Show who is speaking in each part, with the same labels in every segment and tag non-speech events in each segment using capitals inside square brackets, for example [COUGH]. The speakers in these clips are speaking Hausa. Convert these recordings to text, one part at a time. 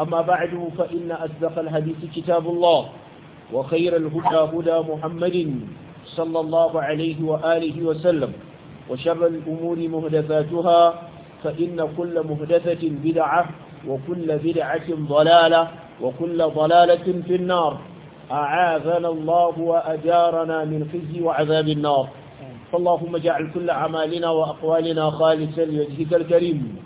Speaker 1: أما بعد فإن أصدق الحديث كتاب الله وخير الهدى هدى محمد صلى الله عليه وآله وسلم وشر الأمور مهدفاتها فإن كل مهدفة بدعة وكل بدعة ضلالة وكل ضلالة في النار أعاذنا الله وأجارنا من خزي وعذاب النار فاللهم اجعل كل عمالنا وأقوالنا خالصا لوجهك الكريم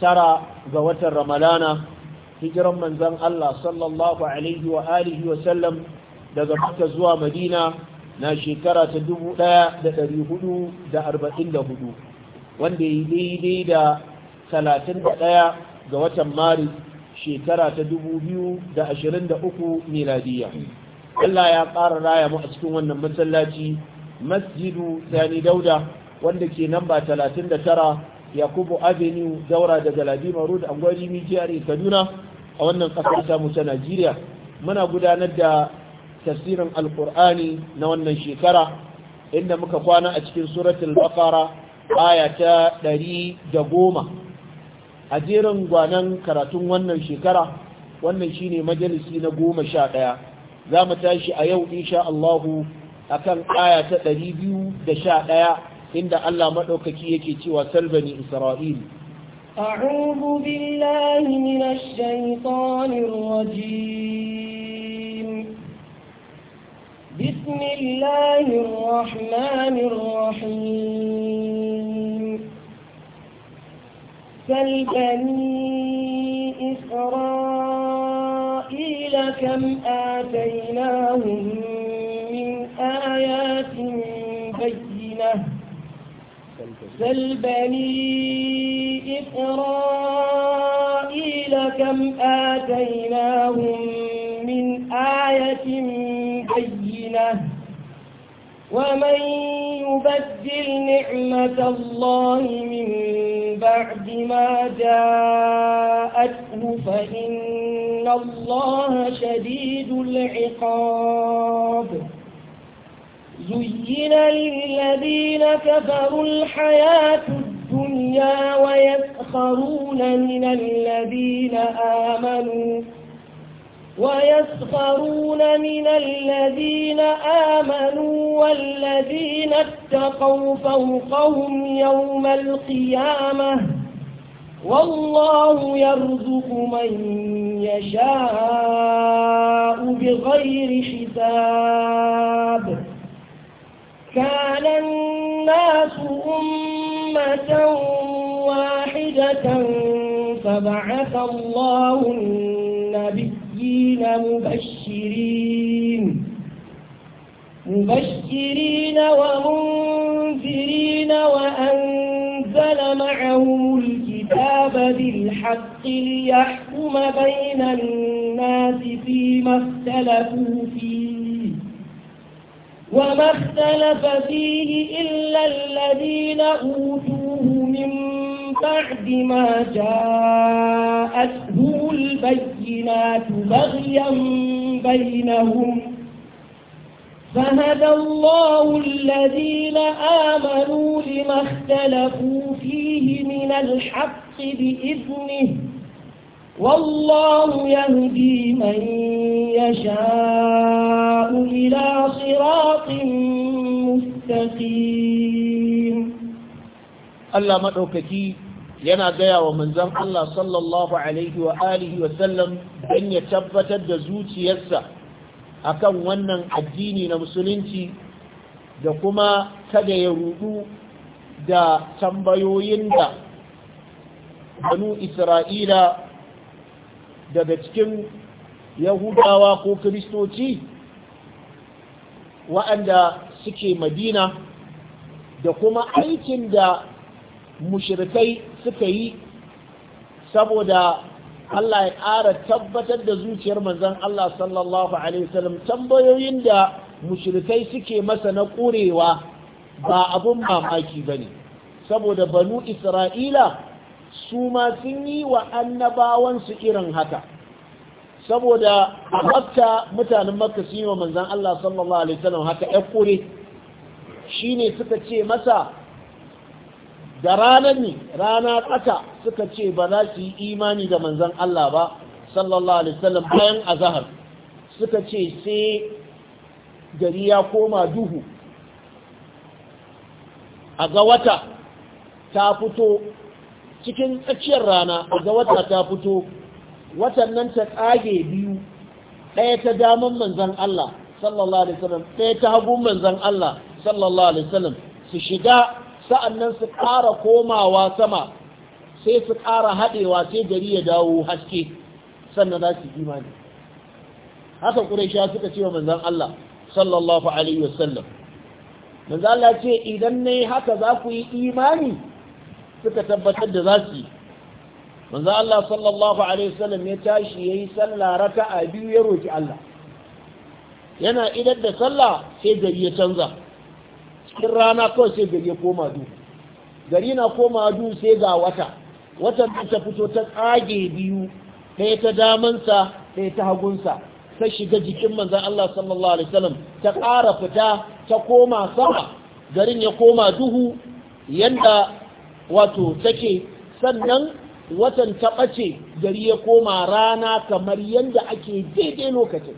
Speaker 1: tara ga watan Ramadana, hijiran manzan Allah sallallahu alaihi wa alihi wa sallam daga Makka zuwa Madina na shekara ta 1444 wanda ya daidai da 31 ga watan Maris shekara ta 2023 miladiya Allah ya ƙara raya mu a cikin wannan masallaci masjidu Sani Dauda wanda ke namba 39 yakubu avenue daura da galabi road angwari mijiyar kaduna a wannan kasar tamu ta najeriya muna gudanar da tafsirin alkur'ani na wannan shekara inda muka kwana a cikin suratul baqara aya ta goma. a jerin gwanan karatun wannan shekara wannan shine majalisi na goma sha ɗaya. za mu tashi a yau insha Allahu akan aya ta ɗari biyu da sha ɗaya. inda Allah maɗaukaki yake cewa salbani Isra'il.
Speaker 2: أعوذ بالله من الشيطان الرجيم بسم الله الرحمن الرحيم سل بني إسرائيل كم آتيناهم سل بني إسرائيل كم آتيناهم من آية بينة ومن يبدل نعمة الله من بعد ما جاءته فإن الله شديد العقاب زين للذين كفروا الحياة الدنيا ويسخرون من الذين آمنوا ويسخرون من الذين آمنوا والذين اتقوا فوقهم يوم القيامة والله يرزق من يشاء بغير حساب كان الناس أمة واحدة فبعث الله النبيين مبشرين مبشرين ومنذرين وأنزل معهم الكتاب بالحق ليحكم بين الناس فيما اختلفوا فيه وما اختلف فيه إلا الذين أوتوه من بعد ما جاءتهم البينات بغيا بينهم فهدى الله الذين آمنوا لما اختلفوا فيه من الحق بإذنه والله ya من يشاء إلى صراط مستقيم
Speaker 1: الله مدعوكتي yana gaya wa Manzon. Allah sallallahu Alaihi wa alihi wa sallam don ya tabbatar da zuciyarsa a kan wannan addini na musulunci da kuma kada ya rudu da tambayoyin da banu Isra'ila daga cikin yahudawa ko kiristoci wa'anda suke madina da kuma aikin da mushirikai suka yi saboda Allah ya ƙara tabbatar da zuciyar manzon Allah sallallahu Alaihi wasallam tambayoyin da mushirikai suke masa na ƙurewa ba abun mamaki ba ne saboda banu Isra'ila su sun yi wa annabawansu irin haka saboda a makka mutanen makka sun yi wa manzan Allah sallallahu alaihi wasallam haka ya kure shi ne suka ce masa da ranar ne rana tsaka suka ce ba za su yi imani da manzan Allah ba sallallahu alaihi wasallam bayan azahar suka ce sai gari ya koma duhu a ga wata ta fito cikin tsakiyar rana ga wata ta fito watan nan ta tsage biyu ɗaya ta daman manzan Allah sallallahu alaihi wasallam ɗaya ta hagu manzan Allah sallallahu alaihi wasallam su shiga sa'annan su ƙara komawa sama sai su ƙara haɗewa sai gari ya dawo haske sannan za su imani haka ƙuraisha suka ce wa manzan Allah sallallahu alaihi wasallam manzan Allah ce idan ne haka za ku yi imani suka tabbatar da za su yi manzo Allah sallallahu alaihi wasallam ya tashi yayi sallah a biyu ya roki Allah yana idan da sallah sai gari ya canza cikin rana kawai sai gari ya koma duhu gari na koma duhu sai ga wata watan da ta fito ta tsage biyu ɗaya ta damansa ɗaya ta hagunsa ta shiga jikin manzan Allah sallallahu alaihi wasallam ta ƙara fita ta koma sama garin ya koma duhu yanda wato take sannan watan ta ɓace gari ya koma rana kamar yadda ake daidai lokacin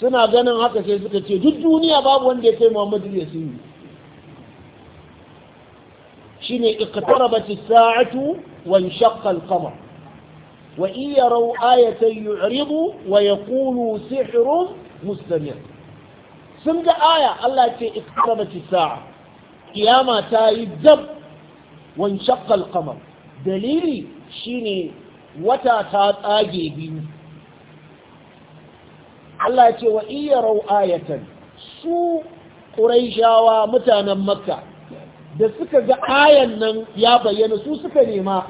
Speaker 1: suna ganin haka sai suka ce duk duniya babu wanda ya kai muhammadu ya sun shi ne iqtarabati sa'atu wa shaqqa al wa iya raw ayatan yu'ridu wa yaqulu sihrun mustamir sun ga aya Allah ce iqtarabati sa'a kiyama ta yi dab wan shaqqal dalili shine wata ta tsage biyu Allah ce wa iyarau ayatan su ƙuraishawa mutanen makka da suka ga ayan nan ya bayyana su suka nema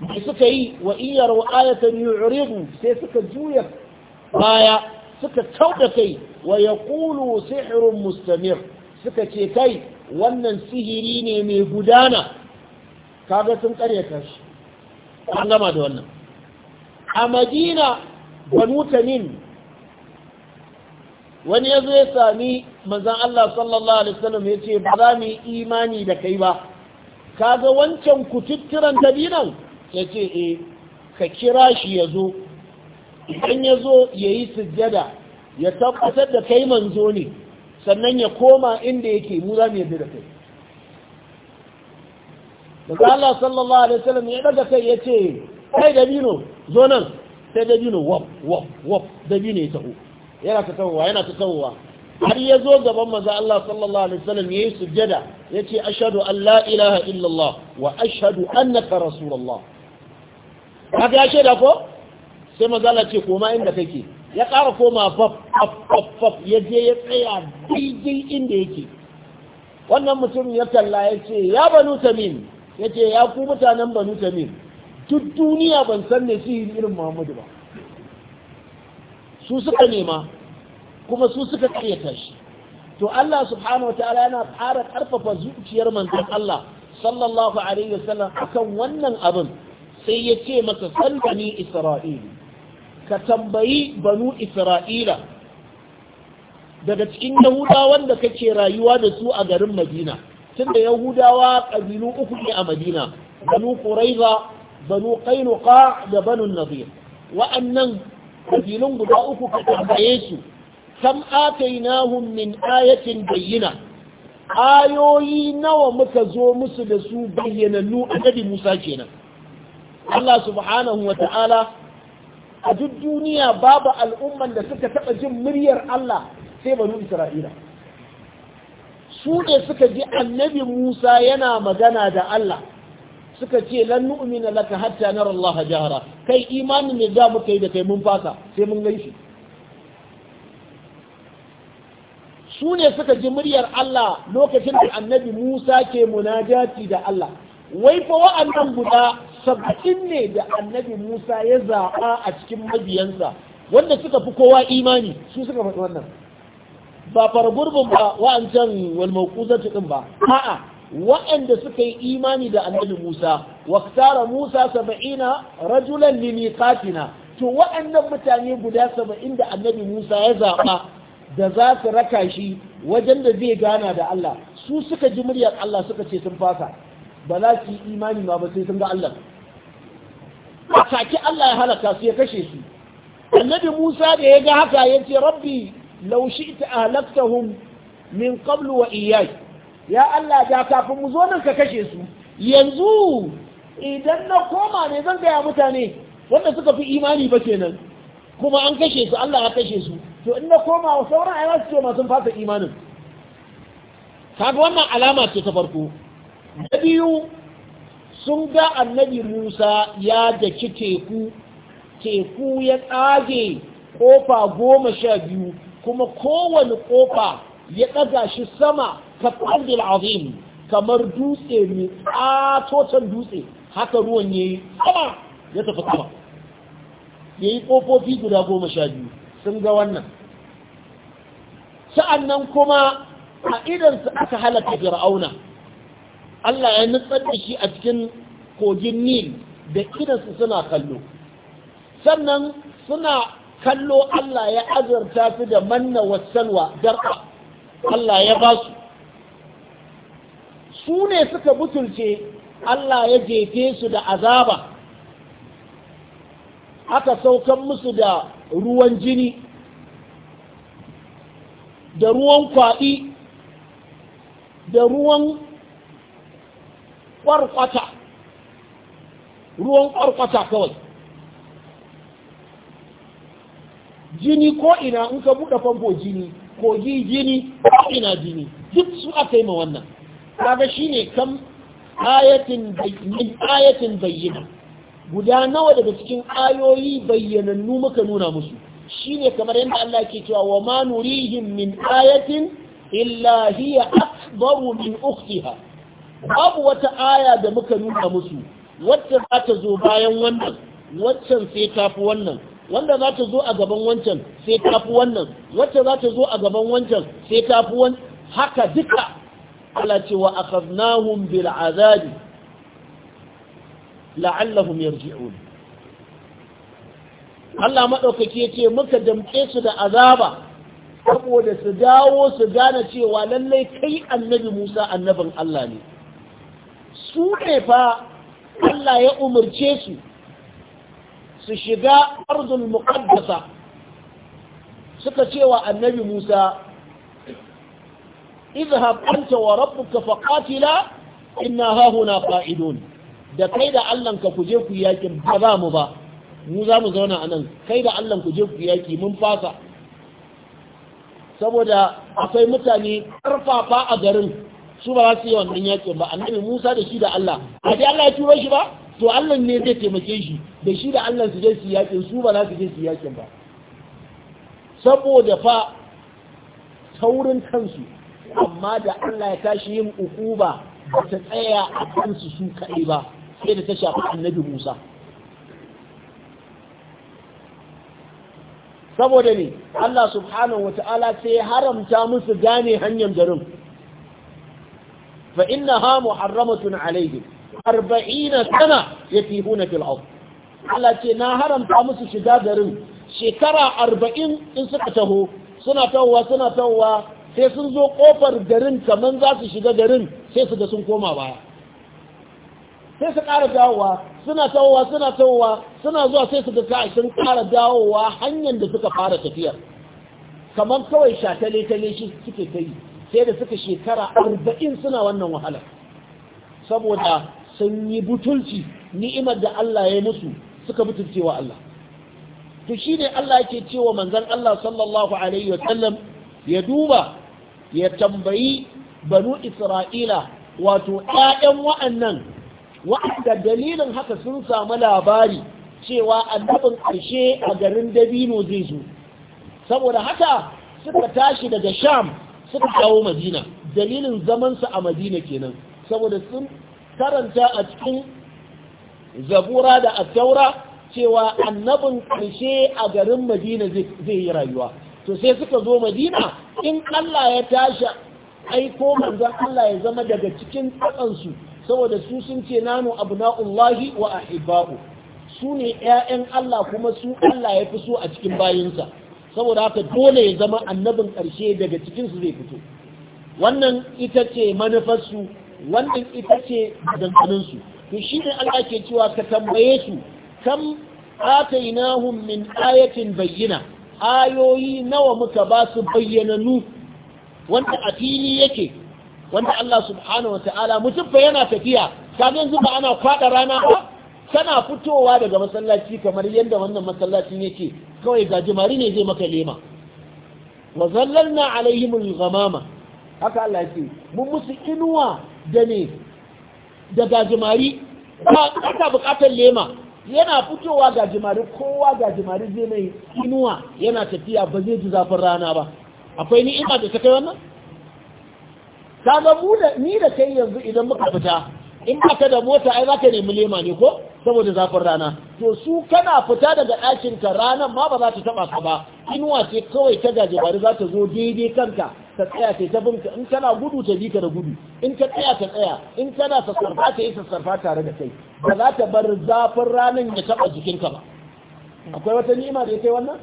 Speaker 1: Mai suka yi wa iyarau ayatan sai suka juya baya suka kauda kai wa Kulu, sihirin mustamir suka ce kai wannan sihiri ne mai gudana kaga sun karyata shi an gama da wannan a madina banu tamim wani ya zo ya sami manzan Allah sallallahu Alaihi wasallam ya ce ba za mu yi imani da kai ba kaga wancan kututturan dabinan ya ce e ka kira shi ya zo idan ya zo ya yi sujjada ya tabbatar da kai manzo ne sannan ya koma inda yake mu za mu yadda da kai daga Allah sallallahu alaihi wasallam ya daga kai ya ce kai dabino zo nan sai dabino wap wap wap dabino ya taho yana ta tawowa yana ta tawowa har ya zo gaban maza Allah sallallahu alaihi wasallam ya yi sujjada ya ce ashadu an la ilaha illallah wa ashadu annaka rasulallah. kaga ya shaida ko sai mazala ce koma inda kake ya ƙara koma faf ya je ya tsaya daidai inda yake wannan mutum ya talla ya ce ya banu tamim ya ce ya ku mutanen banu tamim duk duniya ban san ne su irin muhammadu ba su suka nema kuma su suka karyata shi to Allah subhanahu ta'ala yana fara karfafa zuciyar manzon Allah sallallahu alaihi wasallam akan wannan abin sai ya ce masa sallani isra'ili ka tambayi banu isra'ila daga cikin yahudawan da kake rayuwa da su a garin madina tunda yahudawa ƙabilu uku ne a madina banu quraiza banu qainuqa da banu nadir wa'annan ƙabilun guda uku ka tambaye su kam atainahum min ayatin bayyina ayoyi nawa muka zo musu da su a annabi Musa kenan Allah subhanahu wa ta'ala a duk duniya babu al'umman da suka taɓa jin muryar Allah sai banu Isra'ila su ne suka ji annabi Musa yana magana da Allah suka ce lan nu'mina laka hatta nara Allah jahara kai imanin ne za mu kai da kai mun fasa sai mun gan su ne suka ji muryar Allah lokacin da annabi Musa ke munajati da Allah wai fa wa'annan guda saba'in ne da annabi Musa ya zaɓa a cikin mabiyansa wanda suka fi kowa imani su suka faɗi wannan ba fargurbin ba wa'ancan walmaukuzar ɗin ba a'a wa'anda suka yi imani da annabi Musa waktara Musa saba'ina rajulan limiqatina to wa'annan mutane guda saba'in da annabi Musa ya zaɓa da za su raka shi wajen da zai gana da Allah su suka ji muryar Allah suka ce sun fasa ba za su yi imani ma ba sai sun ga Allah a take Allah ya halaka su ya kashe su annabi Musa da ya ga haka ya ce rabbi law shi'ta ahlaktahum min qablu wa iyyai ya Allah da kafin mu zo nan ka kashe su yanzu idan na koma ne zan gaya mutane wanda suka fi imani ba kenan kuma an kashe su Allah ya kashe su to in na koma wa sauran ayyuka su ma sun fasa imanin kaga wannan alama ce ta farko na biyu sun ga annabi Musa ya daki teku, teku ya tsage kofa goma sha biyu kuma kowane kofa ya ɗaga shi sama ta ƙwandil azim kamar dutse mai tsatotan dutse haka ruwan ya yi sama ya tafi sama ya yi ƙofofi guda goma sha biyu sun ga wannan sa'an nan kuma a idansu aka halatta fir'auna Allah ya nutsar da shi a cikin kogin Nil da idansu suna kallo sannan suna kallo Allah ya azarta su da manna wasanwa darƙa,
Speaker 2: Allah ya ba su
Speaker 1: su ne suka butulce Allah ya jefe su da azaba aka saukan musu da ruwan jini da ruwan kwaɗi da ruwan ƙwarƙwata ruwan ƙwarƙwata kawai jini ko ina in ka buɗe famfo jini kogi jini ko ina jini duk su aka yi ma wannan kaga shine kam ayatin ayatin bayyana guda nawa daga cikin ayoyi bayyanannu muka nuna musu shine kamar yadda Allah ke cewa wa ma nurihim min ayatin illa hiya akbaru min ukhtiha babu wata aya da muka nuna musu wacce za ta zo bayan wannan waccan sai tafi wannan wanda za ta zo a gaban wancan sai tafi wannan wacce za ta zo a gaban wancan sai tafi wannan. haka duka Allah ce wa akhadnahum bil azabi la'allahum yarji'un Allah madaukake ce muka damke su da azaba saboda su dawo su gane cewa lallai kai annabi Musa annabin Allah ne su ne fa Allah ya umarce su su shiga arzul muqaddasa suka cewa annabi Musa izhab anta wa rabbuka faqatila inna hahuna qa'idun da kai da Allah ka kuje ku yakin ba za mu ba mu za mu zauna anan kai da Allah ku je ku yaki mun fasa saboda akwai mutane karfafa a garin su ba za su yi wannan yakin ba annabi Musa da shi da Allah a dai Allah ya turo shi ba to Allah ne zai taimake shi da shi da Allah su je su yakin su ba za su je su yakin ba saboda fa taurin kansu amma da Allah ya tashi yin ukuba ba ta tsaya a kansu su kaɗai ba sai da ta shafi annabi Musa saboda ne Allah subhanahu ta'ala sai haramta musu gane hanyar garin fa innaha muharramatun alaihim 40 sana yatihuna fil ard Allah ce na haramta musu shiga garin shekara arba'in in suka taho suna tahowa suna tahowa sai sun zo kofar garin kaman za su shiga garin sai su ga sun koma baya sai su ƙara dawowa suna tawowa suna tawowa suna zuwa sai su ga sun ƙara dawowa hanyar da suka fara tafiyar kamar kawai shatale-tale shi suke ta yi sai da suka shekara arba'in suna wannan wahalar saboda sun yi butulci ni'imar da Allah ya musu suka butulce wa Allah to shi ne Allah yake cewa manzon Allah sallallahu alaihi wa sallam ya duba ya tambayi banu Isra'ila wato ƴaƴan wa'annan wa'anda dalilin haka sun samu labari cewa annabin ƙarshe a garin Dabino zai zo saboda haka suka tashi daga Sham suka kawo madina dalilin zamansa a madina kenan saboda sun karanta a cikin zabura da taura cewa annabin ƙarshe a garin madina zai yi rayuwa to sai suka zo madina in allah ya tashi aiko manzan allah ya zama daga cikin tsakansu saboda su sun ce nanu abna'ullahi wa ahibba'u su ne 'ya'yan allah kuma su allah ya fi so a cikin bayinsa saboda haka dole ya zama annabin ƙarshe daga cikinsu zai fito wannan ita ce manufarsu wannan ita ce dandaninsu to shi ne Allah ke cewa ka tambaye su kam atainahum min ayatin bayyina ayoyi nawa muka ba su bayyananu wanda a fili yake wanda Allah subhanahu wataala mutum fa yana tafiya kaga yanzu ba ana kwada rana ba kana fitowa daga masallaci kamar yadda wannan masallacin yake kawai gajimari ne zai maka lema wa zallalna alaihimul ghamama haka Allah ce mun musu inuwa da ne da gajimari aka bukatar lema yana fitowa gajimari kowa gajimari zai mai inuwa yana tafiya ba zai ji zafin rana ba akwai ni'ima da ta kai wannan kaga mu da ni da kai yanzu idan muka fita in aka da mota ai zaka nemi lema ne ko saboda zafin rana to su kana fita daga ɗakin ka ranan ma ba za ta taba ka ba inuwa ce kawai ta gaje bari za ta zo daidai kanka ta tsaya ta tabin ka in kana gudu ta bi ka da gudu in ka tsaya ta tsaya in kana sassarfa ta yi sassarfa tare da kai ba za ta bar zafin ranan ya taba jikinka ba akwai wata ni'ima da ya kai wannan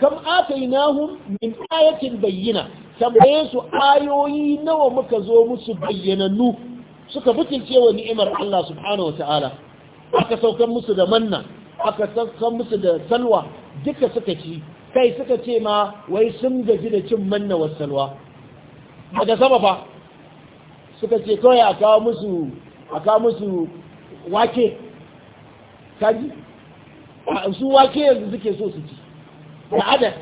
Speaker 1: kam atainahum min ayatin bayyina tambaye su ayoyi nawa muka zo musu bayyanannu suka butulce wa ni'imar Allah subhanahu wataala aka saukan musu da manna aka saukan musu da salwa duka suka ci kai suka ce ma wai sun gaji da cin manna wa salwa daga sama fa suka ce kawai a kawo musu a kawo musu wake kaji su wake yanzu suke so su ci da adad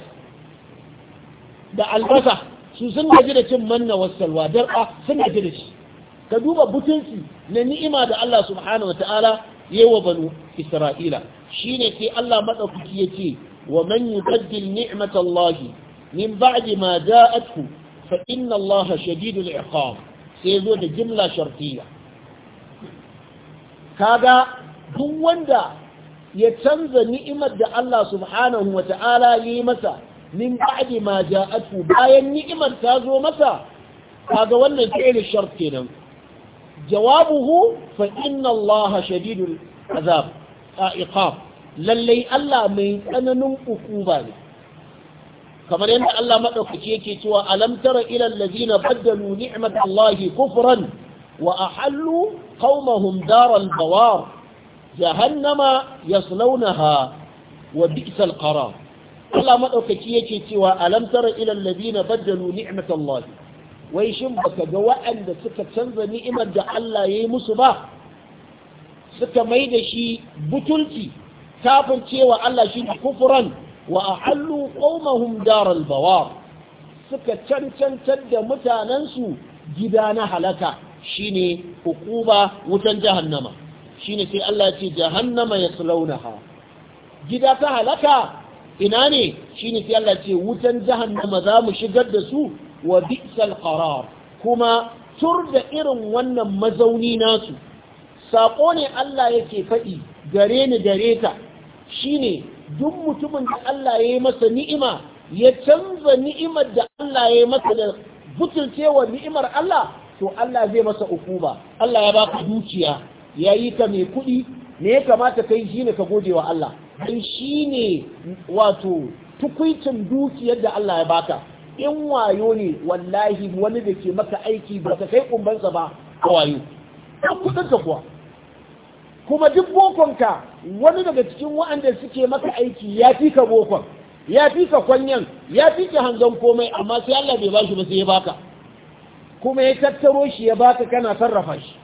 Speaker 1: da albasa su sun gaji da cin manna salwa. Darɓa ah, sun gaji da shi ka duba butunci na ni'ima da Allah subhanahu wataala yawa banu Isra'ila shi ne sai Allah ya ce wa man yubaddil ni'matallahi min ba'di ma ja'athu fa inna Allah da iqab sai zo da jimla shartiya kaga duk wanda ya canza ni'imar da Allah subhanahu wataala yi masa min ba'di ma ja'athu bayan ni'imar ta zo masa kaga wannan fi'il shart kenan jawabuhu fa inna Allah shadidul azab a iqab lallai Allah mai tsananin ukuba ne kamar yadda Allah madaukaki yake cewa alam tara ila allazina baddalu ni'matallahi kufran wa ahallu qaumahum daral bawar jahannama yaslawnaha wa bi'sal qarar Allah madaukaki yake cewa alam tara ila allazina baddalu ni'matallahi wai shin baka ga waɗanda suka canza ni'imar da Allah ya yi musu ba suka mai da shi butulci kafin cewa Allah shi kufuran wa ahallu qaumahum daral bawar suka cancantar da mutanensu gida na halaka shine hukuba wutan jahannama shine sai Allah ce jahannama yaslaunaha gida ta halaka ina ne shine sai Allah ce wutan jahannama za mu shigar da su wa bi'sal qarar kuma tur da irin wannan mazauni nasu sako ne Allah yake faɗi gare ni gare ka shine duk mutumin da Allah ya yi masa ni'ima ya canza ni'imar da Allah ya yi masa da butulcewa ni'imar Allah to Allah zai masa ukuba Allah ya baka dukiya ya yi ka mai kuɗi me ya kamata kai shine ka gode wa Allah dan shine wato tukuicin dukiyar da Allah ya baka in wayo ne wallahi wani da ke maka aiki ba ka kai kumbansa ba a wayo ɗan kudinka kuwa kuma duk bokonka wani daga cikin wa'anda suke maka aiki ya fi ka bokon ya fi ka kwanyan ya fi ka hanzon komai amma sai Allah bai bashi ba sai ya baka kuma ya tattaro shi ya baka kana sarrafa shi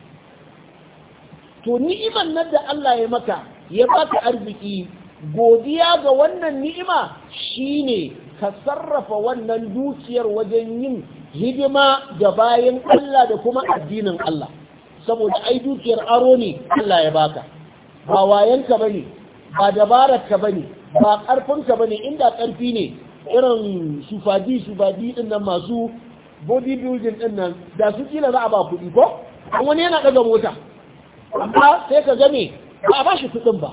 Speaker 1: to ni'iman nan da Allah ya maka ya baka arziki godiya ga wannan ni'ima shine ka sarrafa wannan dukiyar wajen yin hidima da bayan Allah da kuma addinin Allah saboda ai dukiyar aro ne Allah ya baka ba wayanka bane ba dabararka bane ba karfinka bane inda karfi ne irin shufadi shufadi din nan masu bodybuilding din nan da su kila za a ba kuɗi ko wani yana daga mota amma sai ka gane ba a ba shi kuɗin ba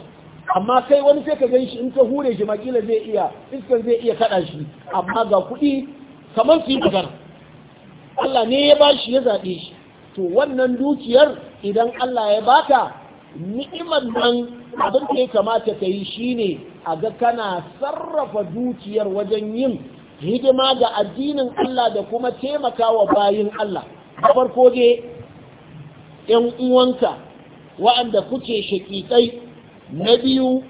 Speaker 1: amma kai wani sai ka gan shi in ka hure shi makila zai iya iskar zai iya kaɗa shi amma ga kuɗi kamar su yi magana Allah ne ya ba shi ya zaɓe shi to wannan dukiyar idan Allah ya baka ni'imar nan abin da ya kamata ka yi shi ne a ga kana sarrafa dukiyar wajen yin hidima ga addinin Allah da kuma taimakawa bayin Allah da farko dai ‘yan uwanka wa'anda kuke shaƙiƙai na biyu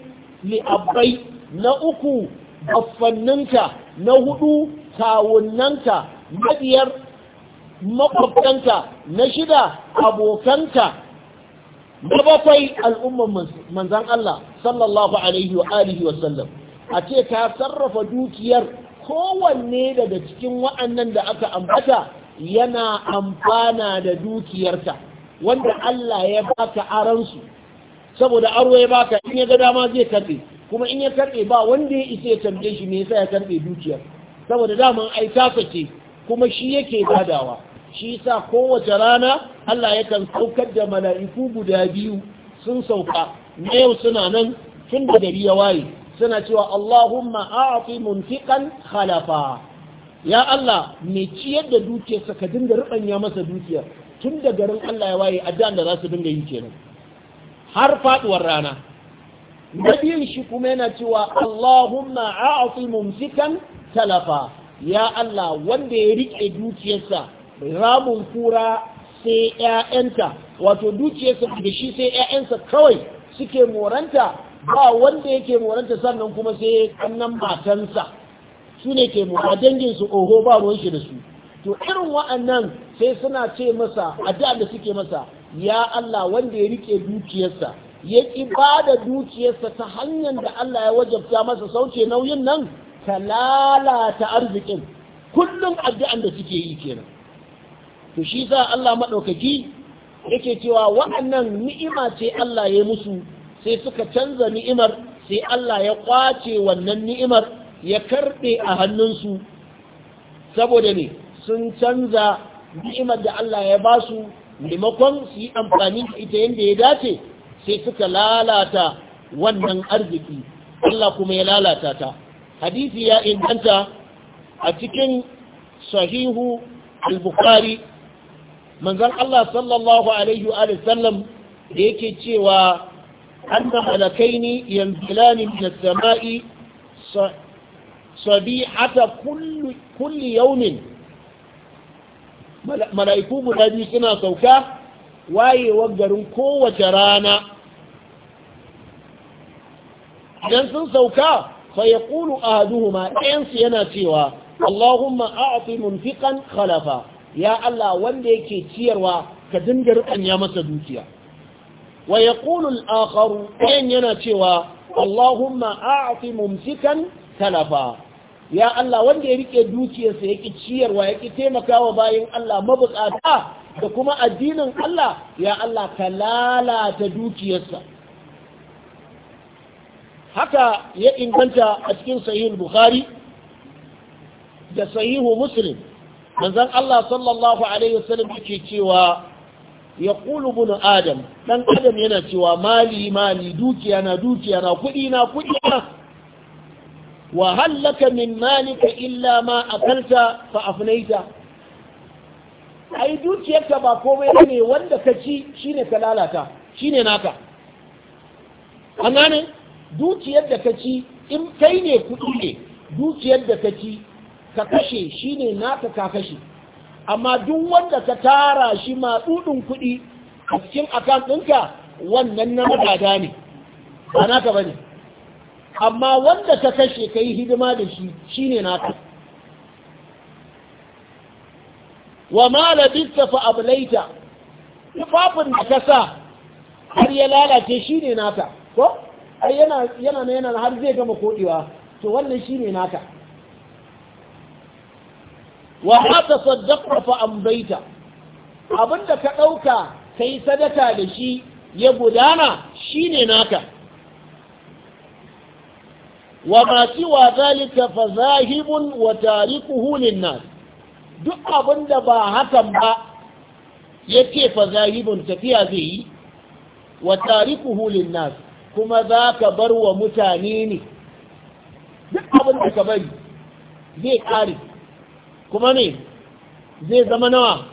Speaker 1: li'abbai na uku baffanninka na hudu kawunnanka na biyar makwabtanka na shida abokanka na bakwai al'umman manzan Allah sallallahu alaihi wa alihi sallam a ce ka sarrafa dukiyar kowanne daga cikin wa'annan da aka ambata yana amfana da dukiyarta wanda Allah ya baka aransu saboda aro ya baka in ya ga dama zai karbe kuma in ya karbe ba wanda ya isa ya tambaye shi me yasa ya karbe dukiyar saboda daman ai taka ce kuma shi yake badawa shi yasa kowace rana Allah yakan saukar da mala'iku guda biyu sun sauka na yau suna nan tun da gari ya waye suna cewa Allahumma a'ti munfiqan khalafa ya Allah me ciyar da dukiyarsa ka dinga rubanya masa dukiyar tun da garin Allah ya waye addan da za su dinga yi kenan har faduwar rana na biyun shi kuma yana cewa Allahumma a'ti mumsikan talafa ya Allah wanda ya riƙe dukiyarsa ramun kura sai ƴaƴanta wato dukiyarsa da shi sai 'ya'yansa kawai suke moranta ba wanda yake moranta sannan kuma sai kannan matansa su ne ke mora dangin su oho ba ruwan shi da su to irin wa'annan sai suna ce masa a da suke masa ya Allah wanda ya rike dukiyarsa ya ki ba da dukiyarsa ta hanyar da Allah ya wajabta masa sauke nauyin nan ta lalata arzikin kullum addu'an da suke yi kenan to shi sa Allah maɗaukaki yake cewa wa'annan ni'ima ce Allah ya musu sai suka canza ni'imar sai Allah ya kwace wannan ni'imar ya karɓe a hannunsu saboda ne sun canza ni'imar da Allah ya basu. maimakon su yi amfani da ita yadda ya dace sai suka lalata wannan arziki Allah kuma ya lalata ta hadisi ya inganta a cikin sahihu al-bukhari manzon Allah sallallahu alaihi wa sallam da yake cewa anna malakaini yanzilani min as-sama'i sabihata kulli kulli yawmin mala'iku guda biyu suna sauka wayewar garin kowace rana idan sun sauka fa ya ƙulu a haduhuma ɗayansu yana cewa Allahumma a'afi munfiqan khalafa ya Allah wanda yake ciyarwa ka dinga ya masa dukiya wa yaqulu al-akharu yana cewa Allahumma a'afi mumfikan talafa ya Allah wanda ya rike dukiyarsa yake ciyarwa yake taimakawa bayan Allah mabukata da kuma addinin Allah ya Allah ka lalata dukiyarsa haka ya inganta a cikin sahih bukhari da sahihu muslim manzon Allah sallallahu alaihi wasallam yake cewa ya kulu bunu adam ɗan adam yana cewa mali mali dukiya na dukiya na kudi na na wa hallaka min malika illa ma akalta fa afnaita ai dukiyarka ba komai ne wanda ka ci shine ka lalata shine naka an gane dukiyar da ka ci in kai ne kuɗi ne dukiyar da ka ci ka kashe shine naka ka kashe amma duk wanda ka tara shi ma dudun kuɗi a cikin akan ɗinka wannan na magada ne ba naka bane amma wanda ka kashe ka yi hidima da shi shi ne naka wa ma labista fa ablaita tufafin da ka sa har ya lalace shi ne naka ko ai yana yana yana har zai gama koɗewa to wannan shi ne naka wa ma tasaddaqa fa ambaita abinda ka ɗauka ka yi sadaka da shi ya gudana shi ne naka wa ma siwa zalika fa zahibun wa tarikuhu duk abinda ba hakan ba yake fa tafiya zai yi wa tarikuhu linnas kuma za ka bar wa mutane ne duk abinda ka bari zai kare kuma ne zai zama nawa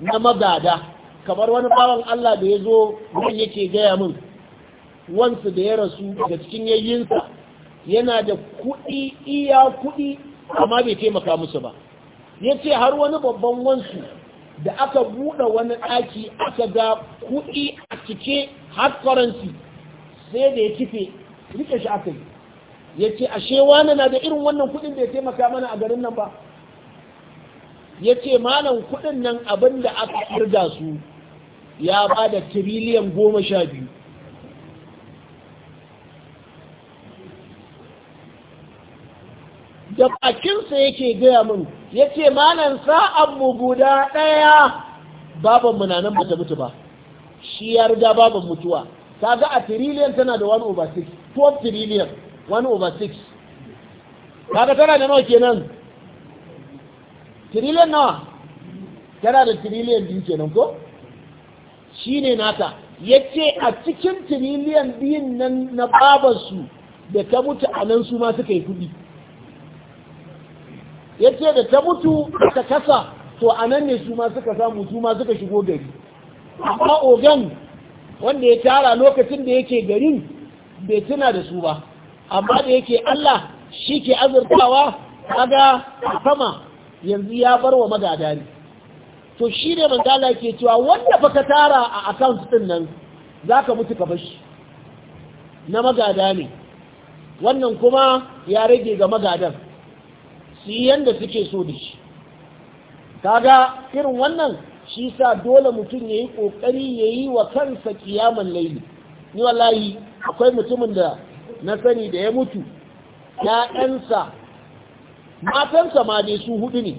Speaker 1: na magada kamar wani bawan Allah da ya zo wani yake gaya min wansu da ya rasu daga cikin yayyinsa yana da kuɗi iya kuɗi amma bai taimaka musu ba ya ce har wani babban wansu da aka buɗe wani ɗaki aka ga kuɗi a cike hard currency sai da ya kife rike shi aka yi ya ce ashe na da irin wannan kuɗin da ya taimaka mana a garin nan ba ya ce malam kuɗin nan abin da aka ƙirga su ya ba da tiriliyan goma sha biyu da bakinsa yake gaya min ya ce malam mu guda ɗaya babanmu na nan bata mutu ba shi ya riga baban mutuwa kaga a trillion tana da 1 over 6 12 trillion 1 over 6 kaga tana da nawa kenan trillion nawa tana da trillion biyu kenan ko shi ne nata ya ce a cikin trillion biyun nan na babansu da ta mutu a nan su ma suka yi kuɗi Ya ce da ta mutu ta kasa to a nan ne su ma suka samu su ma suka shigo gari amma ogan wanda ya tara lokacin da yake garin bai tuna da su ba amma da yake Allah shi ke azurtawa kaga sama yanzu ya bar wa magadari to shi ne manzala ke cewa wanda baka tara a account din nan za ka mutu ka bashi na magada ne wannan kuma ya rage ga magadan su yi yadda suke so da shi kaga irin wannan shi sa dole mutum ya yi ƙoƙari ya yi wa kansa kiyaman laili ni wallahi akwai mutumin da na sani da ya mutu ‘ya'yansa matansa ma dai su hudu ne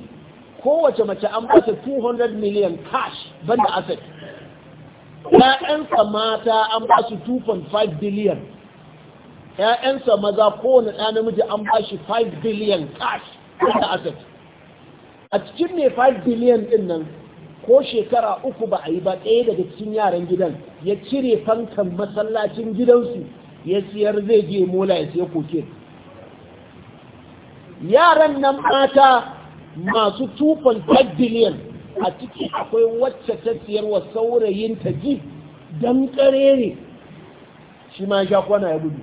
Speaker 1: kowace mace an bata 200 million cash banda asset ‘ya'yansa mata an ba su 2.5 billion ‘ya'yansa maza kowane ɗa namiji an ba shi 5 billion cash da asset a cikin mai 5 biliyan din nan ko shekara uku ba a yi ba ɗaya daga cikin yaran gidan ya cire fankan masallacin gidansu ya siyar zai je mola ya siya koke yaran nan mata masu 2.5 biliyan a ciki akwai wacce ta siyar saurayin ta ji don ƙarere shi ma ya sha kwana ya gudu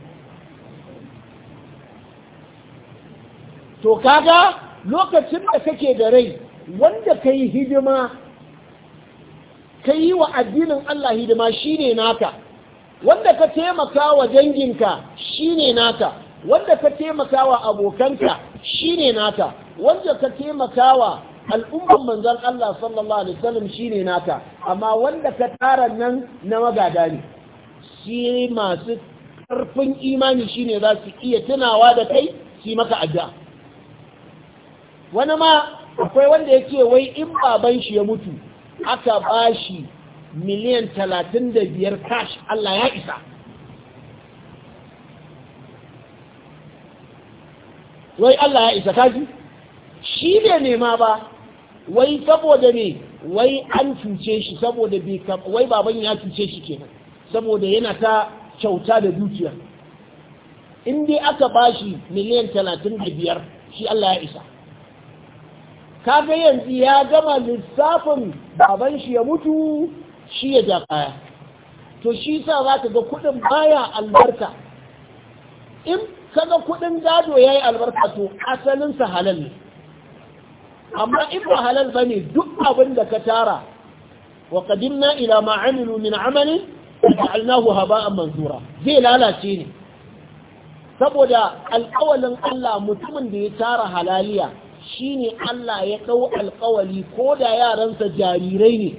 Speaker 1: to kaga lokacin da kake da rai wanda ka yi hidima ka yi wa addinin Allah hidima shine naka wanda ka taimaka wa danginka shine naka wanda ka taimaka wa abokanka shine naka wanda ka taimaka wa al'umman manzan Allah sallallahu alaihi wasallam shine naka amma wanda ka tara nan na magada ne shi masu ƙarfin imani shine za su iya tunawa da kai su maka addu'a wani ma akwai wanda ya ce wai in baban shi ya mutu aka ba shi miliyan talatin da biyar kashi Allah ya isa wai Allah ya isa kaji shi ne nema ba wai saboda ne wai an cuce shi saboda wai baban ya cuce shi kenan saboda yana ta kyauta da dukiya in dai aka ba shi miliyan talatin da biyar shi Allah ya isa kaga yanzu ya gama lissafin baban shi ya mutu shi ya ja to shi sa za ka ga kudin baya albarka in kaga kudin gado ya yi albarka to asalinsa halal ne amma in ba halal ba ne duk abin da ka tara wa qadimna ila ma min amalin fa'alnahu a manzura. zai lalace ne saboda alkawalin Allah mutumin da ya tara halaliya shine Allah ya ɗau alkawali ko da yaransa jarirai ne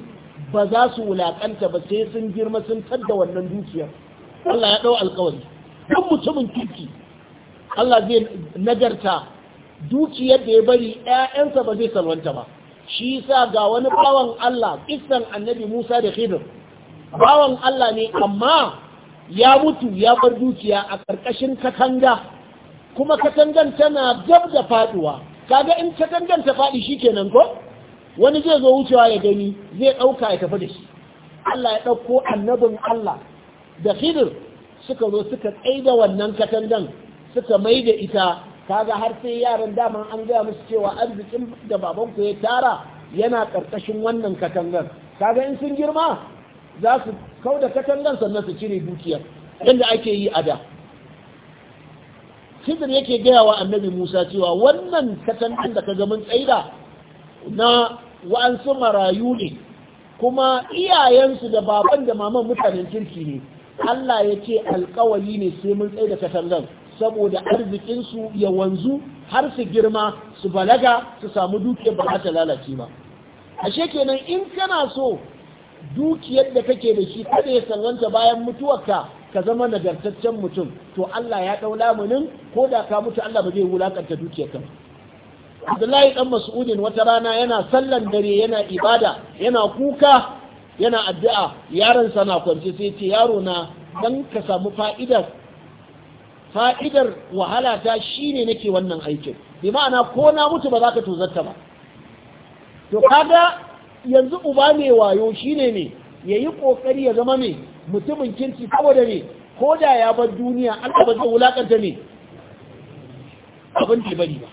Speaker 1: ba za su wulaƙanta ba sai sun girma sun tadda wannan dukiyar Allah ya ɗau alkawali ɗan mutumin kirki Allah zai nagarta dukiyar da ya bari ‘ya'yansa ba zai salwanta ba shi sa ga wani bawan Allah kissan annabi Musa da Khidr bawan Allah ne amma ya mutu ya bar dukiya a ƙarƙashin katanga kuma katangan tana gab da faɗuwa. kaga in ta ta faɗi shi kenan ko wani zai zo wucewa ya gani zai ɗauka ya tafi da shi Allah ya ɗauko annabin Allah da hidir suka zo suka tsaida wannan katangan suka mai da ita kaga har sai yaran daman an gaya musu cewa arzikin da babanku ya tara yana ƙarƙashin wannan katangan kaga in sun girma za su kau da katangan sannan su cire dukiyar inda ake yi a da Khidir yake gaya wa annabi Musa cewa wannan katangan da kaga mun tsaida na wa'ansu marayu ne kuma iyayensu da baban da maman mutanen kirki ne Allah ya ce alkawali ne sai mun tsaida katangan saboda arzikinsu ya wanzu har su girma su balaga su samu dukiyar ba ta lalace ba ashe kenan in kana so dukiyar da kake da shi kada ya sanganta bayan mutuwarka ka zama nagartaccen mutum to Allah ya ɗaula lamunin ko da ka mutu Allah ba zai wulakanta dukiyarka Abdullahi dan Mas'udin wata rana yana sallan dare yana ibada yana kuka yana addu'a yaron sa na kwance sai ce yaro na dan ka samu fa'idar fa'idar wahala ta shine nake wannan aikin bi ma'ana ko na mutu ba za ka tozarta ba to kaga yanzu uba mai wayo shine ne yayi kokari ya zama mai mutumin kirki saboda ne ko da ya bar duniya an zai wulakanta ne abin da bari ba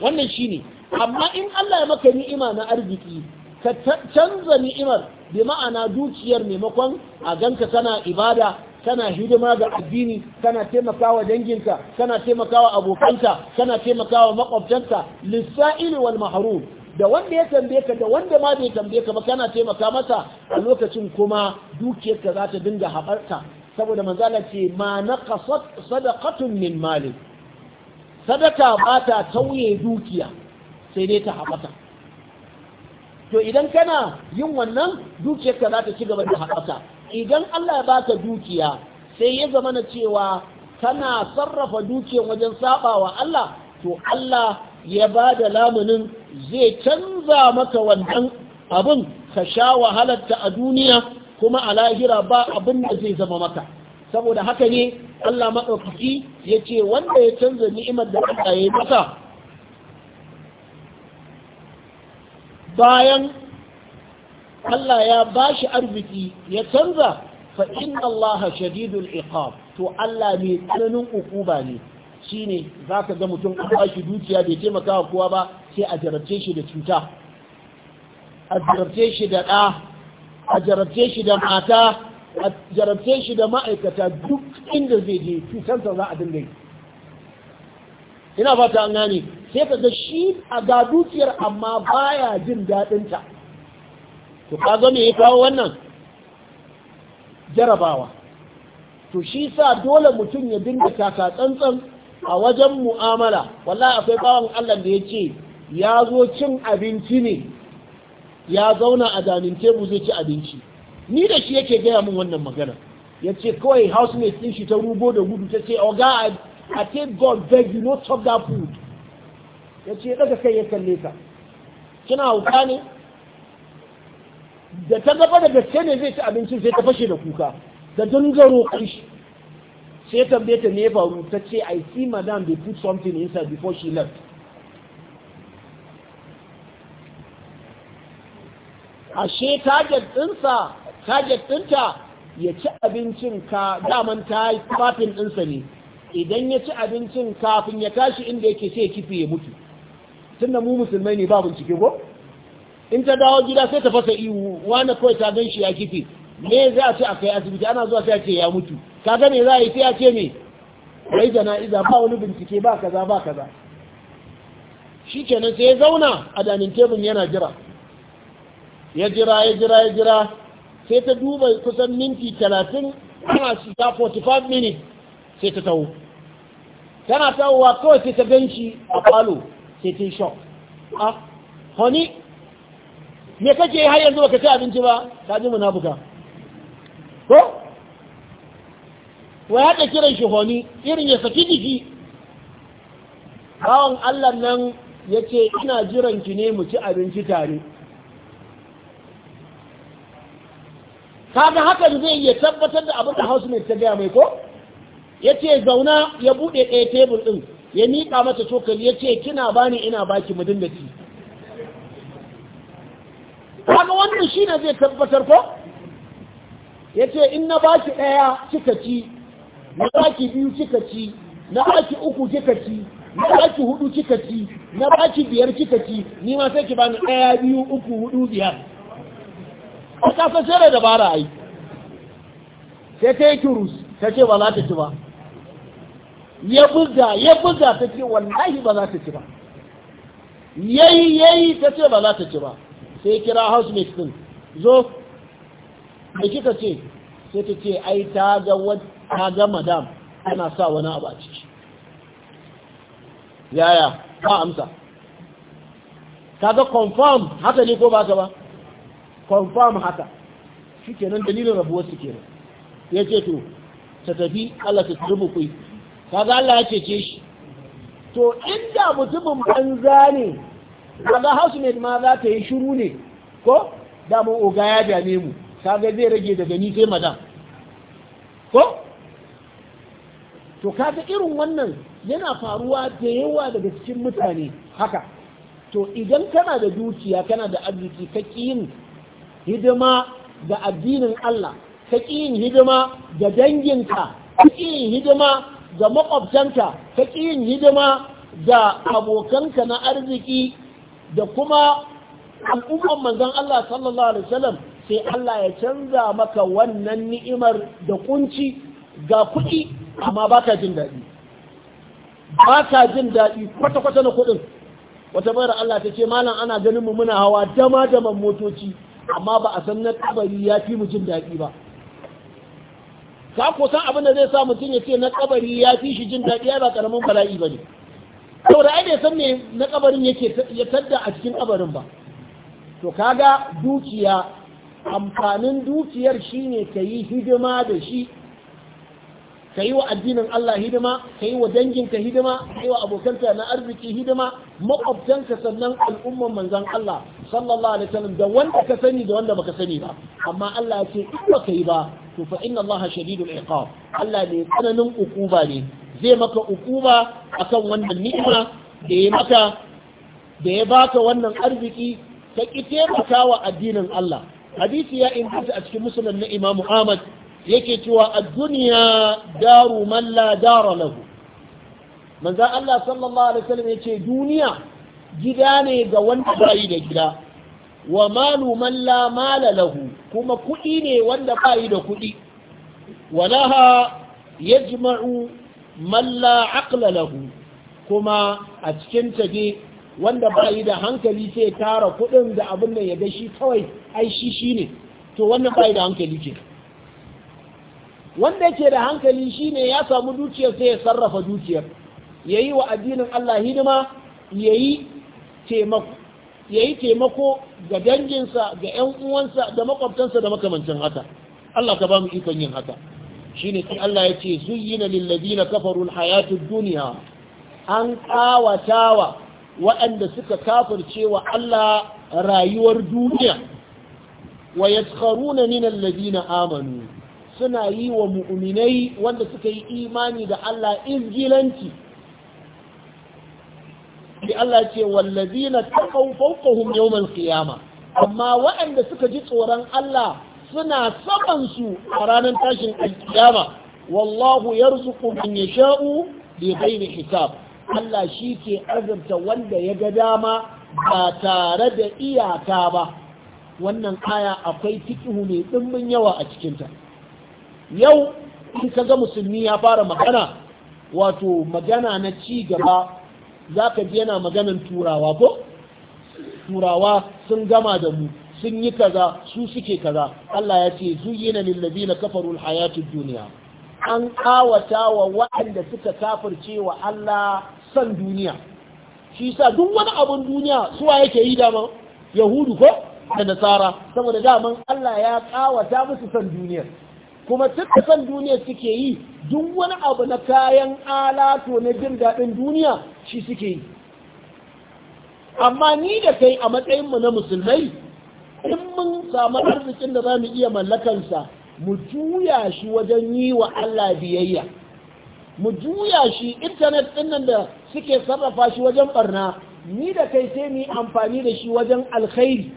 Speaker 1: wannan ne, amma in Allah ya maka ni'ima na arziki ka canza ni'imar bi ma'ana dukiyar maimakon a ganka kana ibada kana hidima ga addini kana taimakawa danginka kana taimakawa abokanka kana taimakawa makwabtanka lissa'ili wal mahrum da wanda ya tambaye ka da wanda ma bai tambaye ka ba kana taimaka masa a lokacin kuma dukiyarka za ta dinga haɓarta saboda manzala ce ma naqasat sadaqatun min mali sadaka ba ta tauye dukiya sai dai ta haɓata to idan kana yin wannan dukiyarka za ta ci gaba da haɓata idan Allah ya baka dukiya sai ya zama na cewa kana sarrafa dukiyar wajen saɓa wa Allah to Allah ya ba da lamunin zai canza maka wannan abin ka sha wahalarta a duniya kuma a lahira ba abin da zai zama maka saboda haka ne Allah maɗaukaki ya ce wanda ya canza ni'imar da Allah ya yi masa bayan Allah ya ba shi arziki ya canza fa inna Allah shadidul iqab to Allah mai tsananin ukuba ne shine zaka ga mutum a ba shi dukiya bai taimaka kowa ba sai a jarabce shi da cuta a jarabce shi da ɗa a jarabce shi da mata a jarabce shi da ma'aikata duk inda zai je cutansa za a dinga yi ina fata an gane sai ka ga shi a ga dukiyar amma baya jin daɗinta to zo me ya kawo wannan jarabawa to shi sa dole mutum ya dinga taka tsantsan a wajen mu'amala wallahi akwai bawan Allah da ya ce ya zo cin abinci ne ya zauna a danin tebur zai ci abinci ni da shi yake gaya min wannan magana ya ce kawai housemate ɗin shi ta rubo da gudu ta ce oga a take god beg you not talk that food ya ce daga kai ya kalle ka kina hauka ne da ta gaba da gaske ne zai ci abincin sai ta fashe da kuka da dangaro shi sai tambaye ta ne faru ta ce i see madam they put something inside before she left ashe target ɗinsa target ɗinta ya ci abincin ka daman ta kafin ɗinsa ne idan ya ci abincin kafin ya tashi inda yake sai kifi ya mutu tunda mu musulmai ne ba bincike ko in ta dawo gida sai ta fasa iwu wani kawai ta gan shi ya kifi me za a ce a kai asibiti ana zuwa sai a ce ya mutu Ka ga me za a yi sai a ce me jana jana'iza ba wani bincike ba kaza ba kaza shikenan sai ya zauna a danin tebur yana jira ya jira ya jira ya jira sai ta duba kusan minti talatin ana shiga 45 minutes sai ta taho tana tahowa kawai sai ta ganci a falo sai ta shock a ah, honey me kake har yanzu baka ci abinci ba ka ji buga. ko wa ya ta kiran shi honey irin ya saki jiki bawan Allah nan ya ce ina jiran ki ne mu ci abinci tare kaga hakan zai iya tabbatar da abin da housemate ta gaya mai ko ya ce zauna ya buɗe ɗaya tebur ɗin ya miƙa mata cokali ya ce kina bani ina baki mu dinga ci kaga wannan shi ne zai tabbatar ko ya ce in na baki ɗaya kika ci na baki biyu kika ci na baki uku kika ci na baki hudu kika ci na baki biyar kika ci ni ma sai ki bani ɗaya biyu uku hudu biyar ta san sai da dabara ai sai ta yi turus ta ce ba za ta ci ba ya buga ya buga ta ce wallahi ba za ta ci ba yayi yayi ta ce ba za ta ci ba sai kira housemate din zo mai kika ce sai ta ce ai ta ga madam ana sa wani abu a ciki yaya ba amsa Ka ga confirm haka ne ko ba ka ba confirm haka shi nan dalilin rabuwar su kenan ya ce to ta tafi Allah ta turbu kui kaga Allah ya cece shi to inda mutumin banza ne kaga housemate ma za ta yi shiru ne ko da mu oga ya dame mu kaga zai rage daga ni sai madam ko to kaga irin wannan yana faruwa da yawa daga cikin mutane haka to idan kana da dukiya kana da arziki ka yin hidima ga addinin Allah ka ƙi hidima ga danginka ka ƙi hidima ga maƙwabtanka ka ƙi hidima ga abokanka na arziki da kuma al'umman manzon Allah sallallahu alaihi wasallam sai Allah ya canza maka wannan ni'imar da kunci ga kuɗi amma baka jin daɗi baka jin daɗi kwata-kwata na kuɗin wata bayar Allah ta ce malam ana ganin mu muna hawa dama daman motoci amma ba a san na kabari ya fi mu jin daɗi ba ka ko san abin da zai sa mutum ya ce na kabari ya fi shi jin daɗi ya ba karamin bala'i ba ne da ai bai san me na kabarin yake ya tadda a cikin kabarin ba to ka ga dukiya amfanin dukiyar shine ka yi hidima da shi ka yi wa addinin Allah hidima ka yi wa danginka hidima ka yi wa abokanta na arziki hidima makwabtanka sannan al'umman manzan Allah sallallahu alaihi wasallam da wanda ka sani da wanda baka sani ba amma Allah ya ce in ka yi ba to fa inna Allah shadidul iqab Allah ne tsananin ukuba ne zai maka ukuba akan wannan ni'ima da ya maka da ya baka wannan arziki ka ki taimaka wa addinin Allah hadisi ya inganta a cikin musulun na Imam Ahmad yake cewa a duniya daru man la dara lahu manzan Allah sallallahu alaihi wasallam yace duniya gida ne ga wanda yi da gida wa malu man mala lahu kuma kuɗi ne wanda yi da kuɗi walaha yajma'u man aqla lahu kuma a cikin ta ne wanda yi da hankali sai tara kuɗin da abin da ya ga shi kawai ai shi ne. to wannan yi da hankali ke. wanda yake da hankali shine ya samu dukiyar sai ya sarrafa dukiyar yi wa addinin Allah hidima yayi taimako taimako ga danginsa ga 'yan uwansa da makwabtansa da makamancin haka Allah ka ba mu ikon yin haka shine sai Allah yace zuyyina lil ladina kafaru al hayatud duniya? an kawatawa waɗanda suka kafirce wa Allah rayuwar duniya wa yaskharuna min na amanu suna yi wa mu'uminai wanda suka yi imani da Allah izgilanci bi Allah ce wallazi taqaw fawqahum yawm al amma waɗanda suka ji tsoron Allah suna saman su a ranar tashin al-qiyama wallahu yarzuqu man yasha'u ya ghairi hisab Allah shi ke azurta wanda ya ga dama ba tare da iyaka ba wannan aya akwai fikihu mai ɗimbin yawa a cikinta. ta yau in ka ga musulmi ya fara magana wato magana na ci gaba za ka ji yana maganan turawa ko turawa sun gama da mu sun yi kaza su suke kaza Allah ya ce zuyina ladina kafaru alhayatud duniya an kawata wa waɗanda suka kafirce Allah san duniya shi sa duk wani abun duniya suwa yake yi dama yahudu ko da nasara saboda daman Allah ya kawata musu san duniyar kuma tattakan duniya suke yi duk wani abu na kayan alato na jin daɗin duniya shi suke yi amma ni da kai a matsayinmu na musulmai in mun samu arzikin da za mu iya mallakansa mu juya shi wajen yi wa Allah biyayya mu juya shi intanet ɗin nan da suke sarrafa shi wajen barna ni da kai sai mu yi amfani da shi wajen alkhairi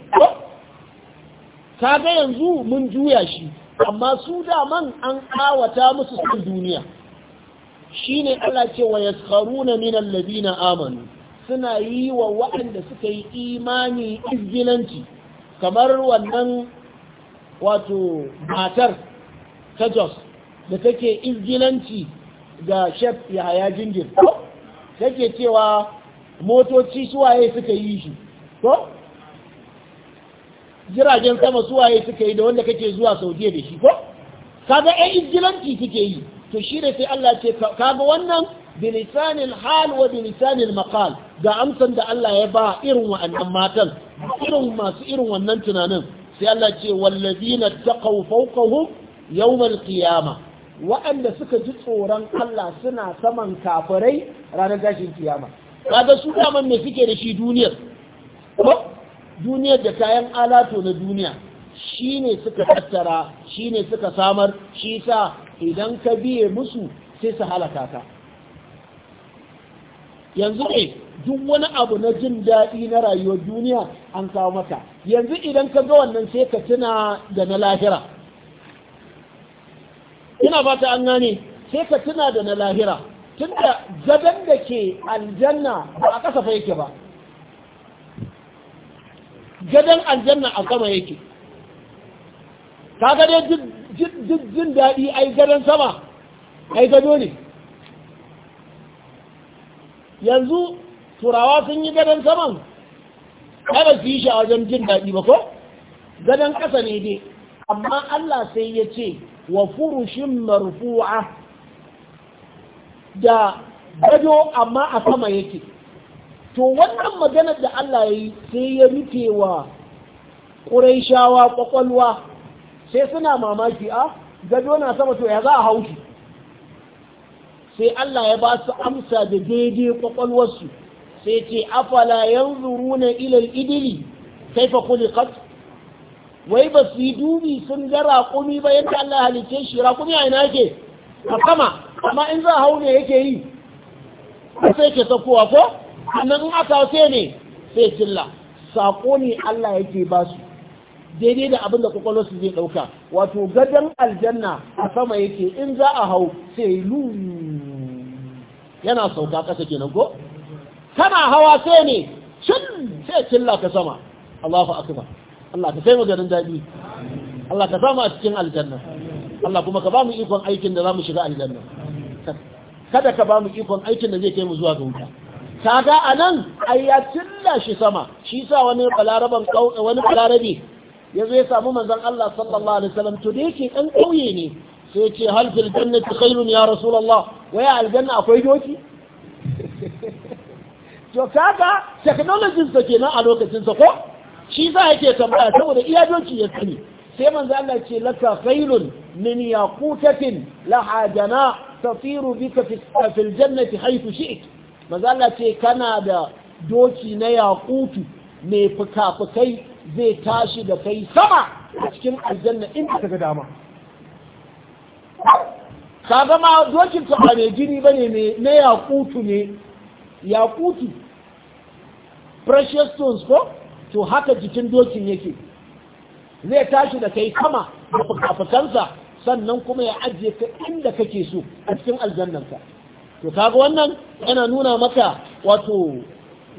Speaker 1: kaga yanzu mun juya shi amma su da man an kawata musu sun duniya Shi shine Allah ce wa yaskharuna min na amanu suna yi wa waɗanda suka yi imani izgilanci kamar wannan wato matar ta Jos da take izgilanci ga Chef Yahaya Jingir take cewa motoci suwaye suka yi shi ko jiragen sama suwaye suka yi da wanda kake zuwa saudiya da shi ko kaga ɗan izgilanci suke yi to shi da sai Allah ce kaga wannan bilisanin hal wa bilisanin maqal ga amsan da Allah ya ba irin wa'annan matan irin masu irin wannan tunanin sai Allah ce wallazina taqaw fawqahum yawm alqiyama wa'anda suka ji tsoron Allah suna saman kafirai ranar gashin kiyama kaga su daman me suke da shi duniyar ko duniyar da kayan alato na duniya shi ne suka tattara shi ne suka samar shi sa idan ka biye musu sai su halaka ka yanzu ne duk wani abu na jin daɗi na rayuwar duniya an kawo mata yanzu idan ka ga wannan sai ka tuna da na lahira ina fata an gane sai ka tuna da na lahira tunda gadon da ke aljanna ba a kasafa yake ba gadon aljanna a sama yake ta dai duk jin daɗi a yi gadon sama a yi gado ne yanzu turawa sun yi gadon saman kada su yi shi a wajen jin daɗi ba ko gadon ƙasa ne dai amma Allah sai ya ce wa furushin marfu'a da gado amma a sama yake to wannan maganar da Allah ya yi sai ya rufe wa ƙuraishawa ƙwaƙwalwa sai suna mamaki a gado na sama to ya za a haushi sai Allah ya ba su amsa da daidai ƙwaƙwalwarsu sai ce afala yanzu na ilal idili kuli kat wai ba su yi dubi sun ga raƙumi ba yadda Allah halice shi raƙumi a ina yake a sama amma in za a hau ne yake yi sai ke sakowa ko sannan aka ce ne sai killa. sako ne Allah yake ba su daidai da abin da kwakwalwar su zai ɗauka wato gadon aljanna a sama yake in za a hau sai lu yana sauka ƙasa kenan ko kana hawa sai ne cin sai killa ka sama Allahu akbar Allah ka sai mu garin daɗi Allah ka sama a cikin aljanna Allah kuma ka ba mu ikon aikin da za mu shiga aljanna kada ka ba mu ikon aikin da zai kai mu zuwa ga wuta kaga a nan, ya tilla shi sama shi sa wani balaraban wani balarabi Ya zai samu manzon Allah sallallahu alaihi wasallam to da yake dan ƙauye ne sai ce hal fil jannati khairun ya rasulullah waya aljanna akwai doki
Speaker 3: [LAUGHS]
Speaker 1: to kaga technologies da kenan a lokacin sa ko shi sa yake tambaya saboda iya doki ya sani sai manzo Allah ce laka khairun min yaqutatin laha jana tatiru bika fi al-jannati haythu shi'ta Mazala ce kana da doki na yaqutu mai fuka-fukai zai tashi da kai sama a cikin aljanna in ka ga dama ka zama dokin ka ba mai jini bane ne na yaqutu ne yaqutu precious stones ko to haka jikin dokin yake zai tashi da kai sama da fuka-fukansa sannan kuma ya ajiye ka inda kake so a cikin aljannanka to kaga wannan yana nuna maka wato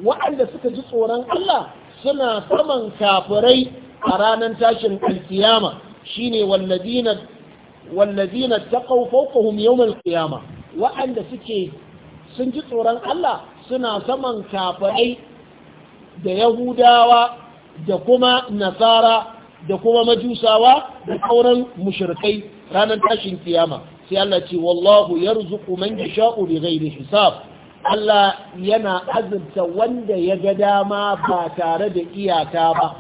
Speaker 1: waɗanda suka ji tsoron Allah suna saman kafirai a ranar tashin alkiyama shine walladina walladina taqaw fawqahum yawm alqiyama waɗanda suke sun ji tsoron Allah suna saman kafirai da yahudawa da kuma nasara da kuma majusawa da sauran mushrikai ranar tashin kiyama sai Allah ce wallahu yarzuqu man yasha'u bighairi hisab Allah yana azurta wanda ya ga dama ba tare da iyaka ba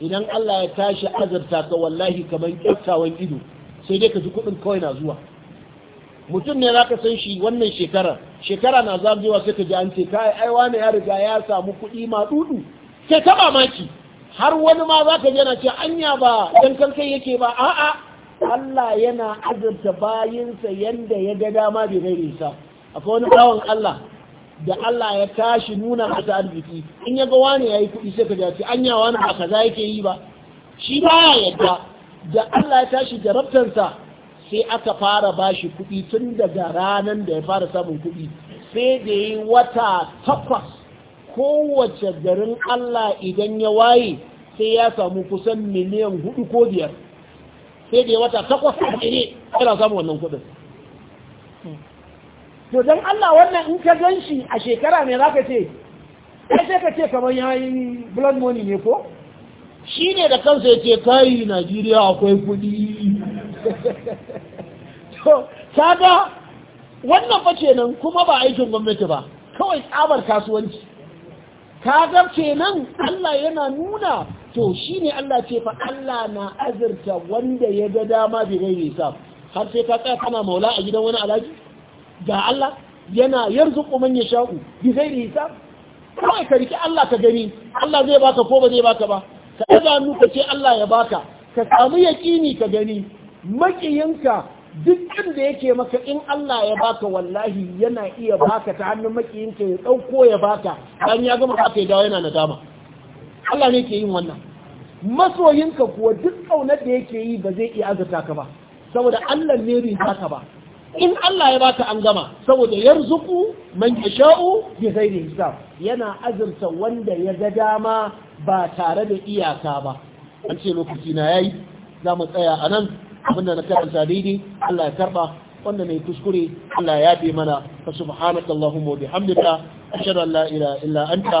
Speaker 1: idan Allah ya tashi azurta ka wallahi kamar kyautawan ido sai dai ka ji kuɗin kawai na zuwa mutum ne za ka san shi wannan shekara shekara na zagayewa sai ka ji an ce kai ai wani ya riga ya samu kuɗi ma dudu sai ta mamaki har wani ma za ka ji na ce anya ba dan kai yake ba a'a Allah yana azurta bayinsa yadda ya ga dama bai gaire sa akwai wani bawan Allah da Allah ya tashi nuna masa arziki in ya ga wani yi kuɗi sai ka ga ce anya wani ba kaza yake yi ba shi ba ya yadda da Allah ya tashi jarabtansa sai aka fara bashi kuɗi tun daga ranar da ya fara samun kuɗi sai da yi wata takwas kowace garin Allah idan ya waye sai ya samu kusan miliyan hudu ko biyar sai da ya wata takwas a a yana samun wannan kuɗin to don Allah wannan in ka gan shi a shekara mai za ce Ai sai ka ce kamar ya yi blood money ne ko shi ne da kansa ya ce kayi Najeriya akwai kuɗi [LAUGHS] to kaga wannan fa nan kuma ba aikin gwamnati ba kawai tsabar kasuwanci kaga nan Allah yana nuna to shi ne Allah ce fa Allah na azurta wanda ya ga dama bai gaire har sai ka tsaya kana maula a gidan wani alaji ga Allah yana yarzuqu man yasha'u bi gaire sa kai ka riki Allah ka gani Allah zai baka ko ba zai baka ba ka daga ka ce Allah ya baka ka samu yaƙini ka gani makiyinka duk da yake maka in Allah ya baka wallahi yana iya baka ta hannun makiyinka ya ɗauko ya baka dan ya gama haka ya dawo yana nadama Allah ne ke yin wannan masoyinka kuwa duk ƙaunar da yake yi ba zai iya azurta ka ba saboda Allah ne bai ka ba in Allah ya baka an gama saboda yarzuku man yasha'u bi da hisab yana azurta wanda ya ga dama ba tare da iyaka ba an ce lokaci na yayi za mu tsaya a nan abinda na karanta daidai Allah ya karba wanda mai kuskure Allah ya yafe mana fa subhanakallahumma wa bihamdika ashhadu an la ilaha illa anta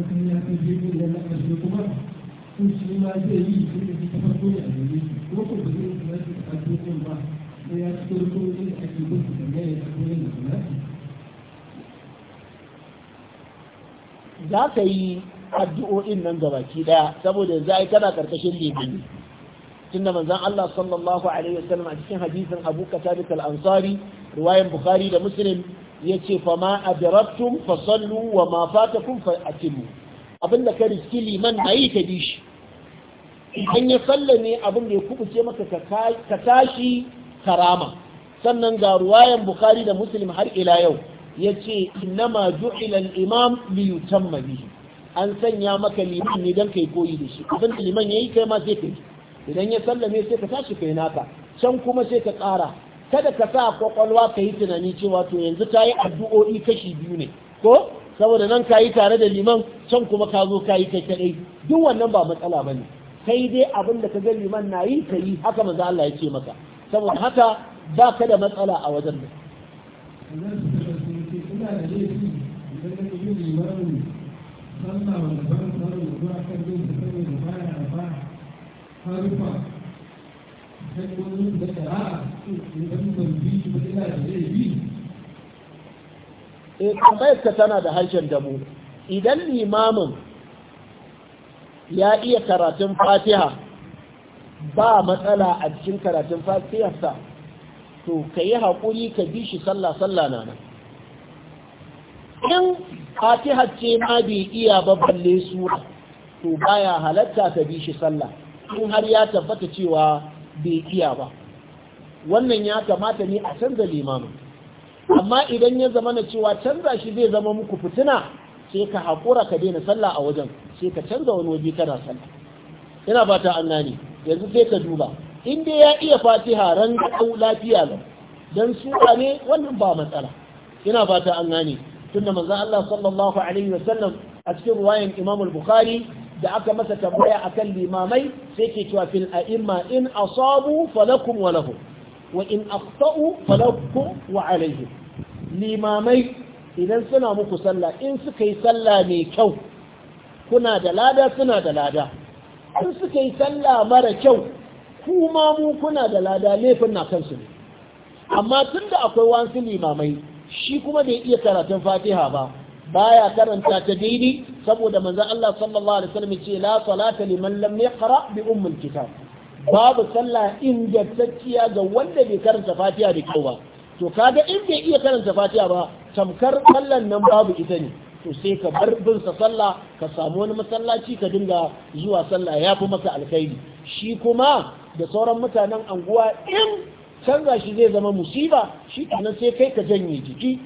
Speaker 3: ko shi ma zai yi shi ne ta farko ne a gare ko ko ba zai kula da addu'o'in ba sai ya fito ko ne ake bin su da ya ko ne
Speaker 1: da za ka yi addu'o'in nan gabaki daya saboda yanzu ai kana karkashin limani tunda manzon Allah sallallahu alaihi wasallam a cikin hadisin Abu Qatada al-Ansari riwayan Bukhari da Muslim yace fa ma adraktum fa sallu wa ma fatakum fa atimu abinda ka riski liman ayi ka bi shi idan ya sallame abin da ya kubuce maka ka tashi karama sannan ga ruwayan bukhari da muslim har ila yau ya ce innama ju'ila al-imam li yutamma bihi an sanya maka liman ne dan kai koyi da shi abin da liman yayi kai ma sai kai idan ya sallame sai ka tashi kai naka can kuma sai ka ƙara kada ka sa kwakwalwa ka yi tunani cewa to yanzu ta yi addu'o'i kashi biyu ne ko saboda nan ka yi tare da liman can kuma ka zo ka yi kai kaɗai duk wannan ba matsala ba ne kai dai abin da ka ga liman na yi ka yi haka manzo Allah ya ce maka saboda haka ba ka da matsala a wajen nan Eh, tambayar ka tana da harshen damu, idan limamin ya iya karatun fatiha ba matsala a cikin karatun fatiharsa to ka yi haƙuri ka bi shi sallah-sallah na nan in fatiha ce ma bai iya babballe sura to baya halatta ka bi shi sallah in har ya tabbata cewa bai iya ba wannan ya kamata ne a canza limamin amma idan ya zama na cewa canza shi zai zama muku fitina sai ka haƙura ka daina sallah a wajen sai ka canza wani waje kana sallah ina fata an gane yanzu sai ka duba in dai ya iya fatiha ran ɗau lafiya lau dan sura ne wannan ba matsala ina fata an gane tunda manzo Allah sallallahu alaihi wasallam a cikin ruwayan Imam al-Bukhari da aka masa tambaya akan limamai sai ke cewa fil a'imma in asabu falakum wa lahum wa in akhta'u falakum wa alaihim limamai idan suna muku sallah in suka yi sallah mai kyau kuna da lada suna da lada in suka yi sallah mara kyau kuma mu kuna da lada laifin na kansu ne amma tun da akwai wasu limamai shi kuma bai iya karatun fatiha ba baya karanta ta daidai saboda manzon Allah sallallahu alaihi wasallam ce la salata liman lam yaqra bi ummul kitab babu sallah ingantacciya ga wanda bai karanta fatiha da kyau ba to kaga in bai iya karanta fatiha ba tamkar sallan nan babu ita ne to sai ka bar bin sa sallah ka samu wani masallaci ka dinga zuwa sallah ya fi maka alkhairi shi kuma da sauran mutanen anguwa in canza shi zai zama musiba shi kenan sai kai ka janye jiki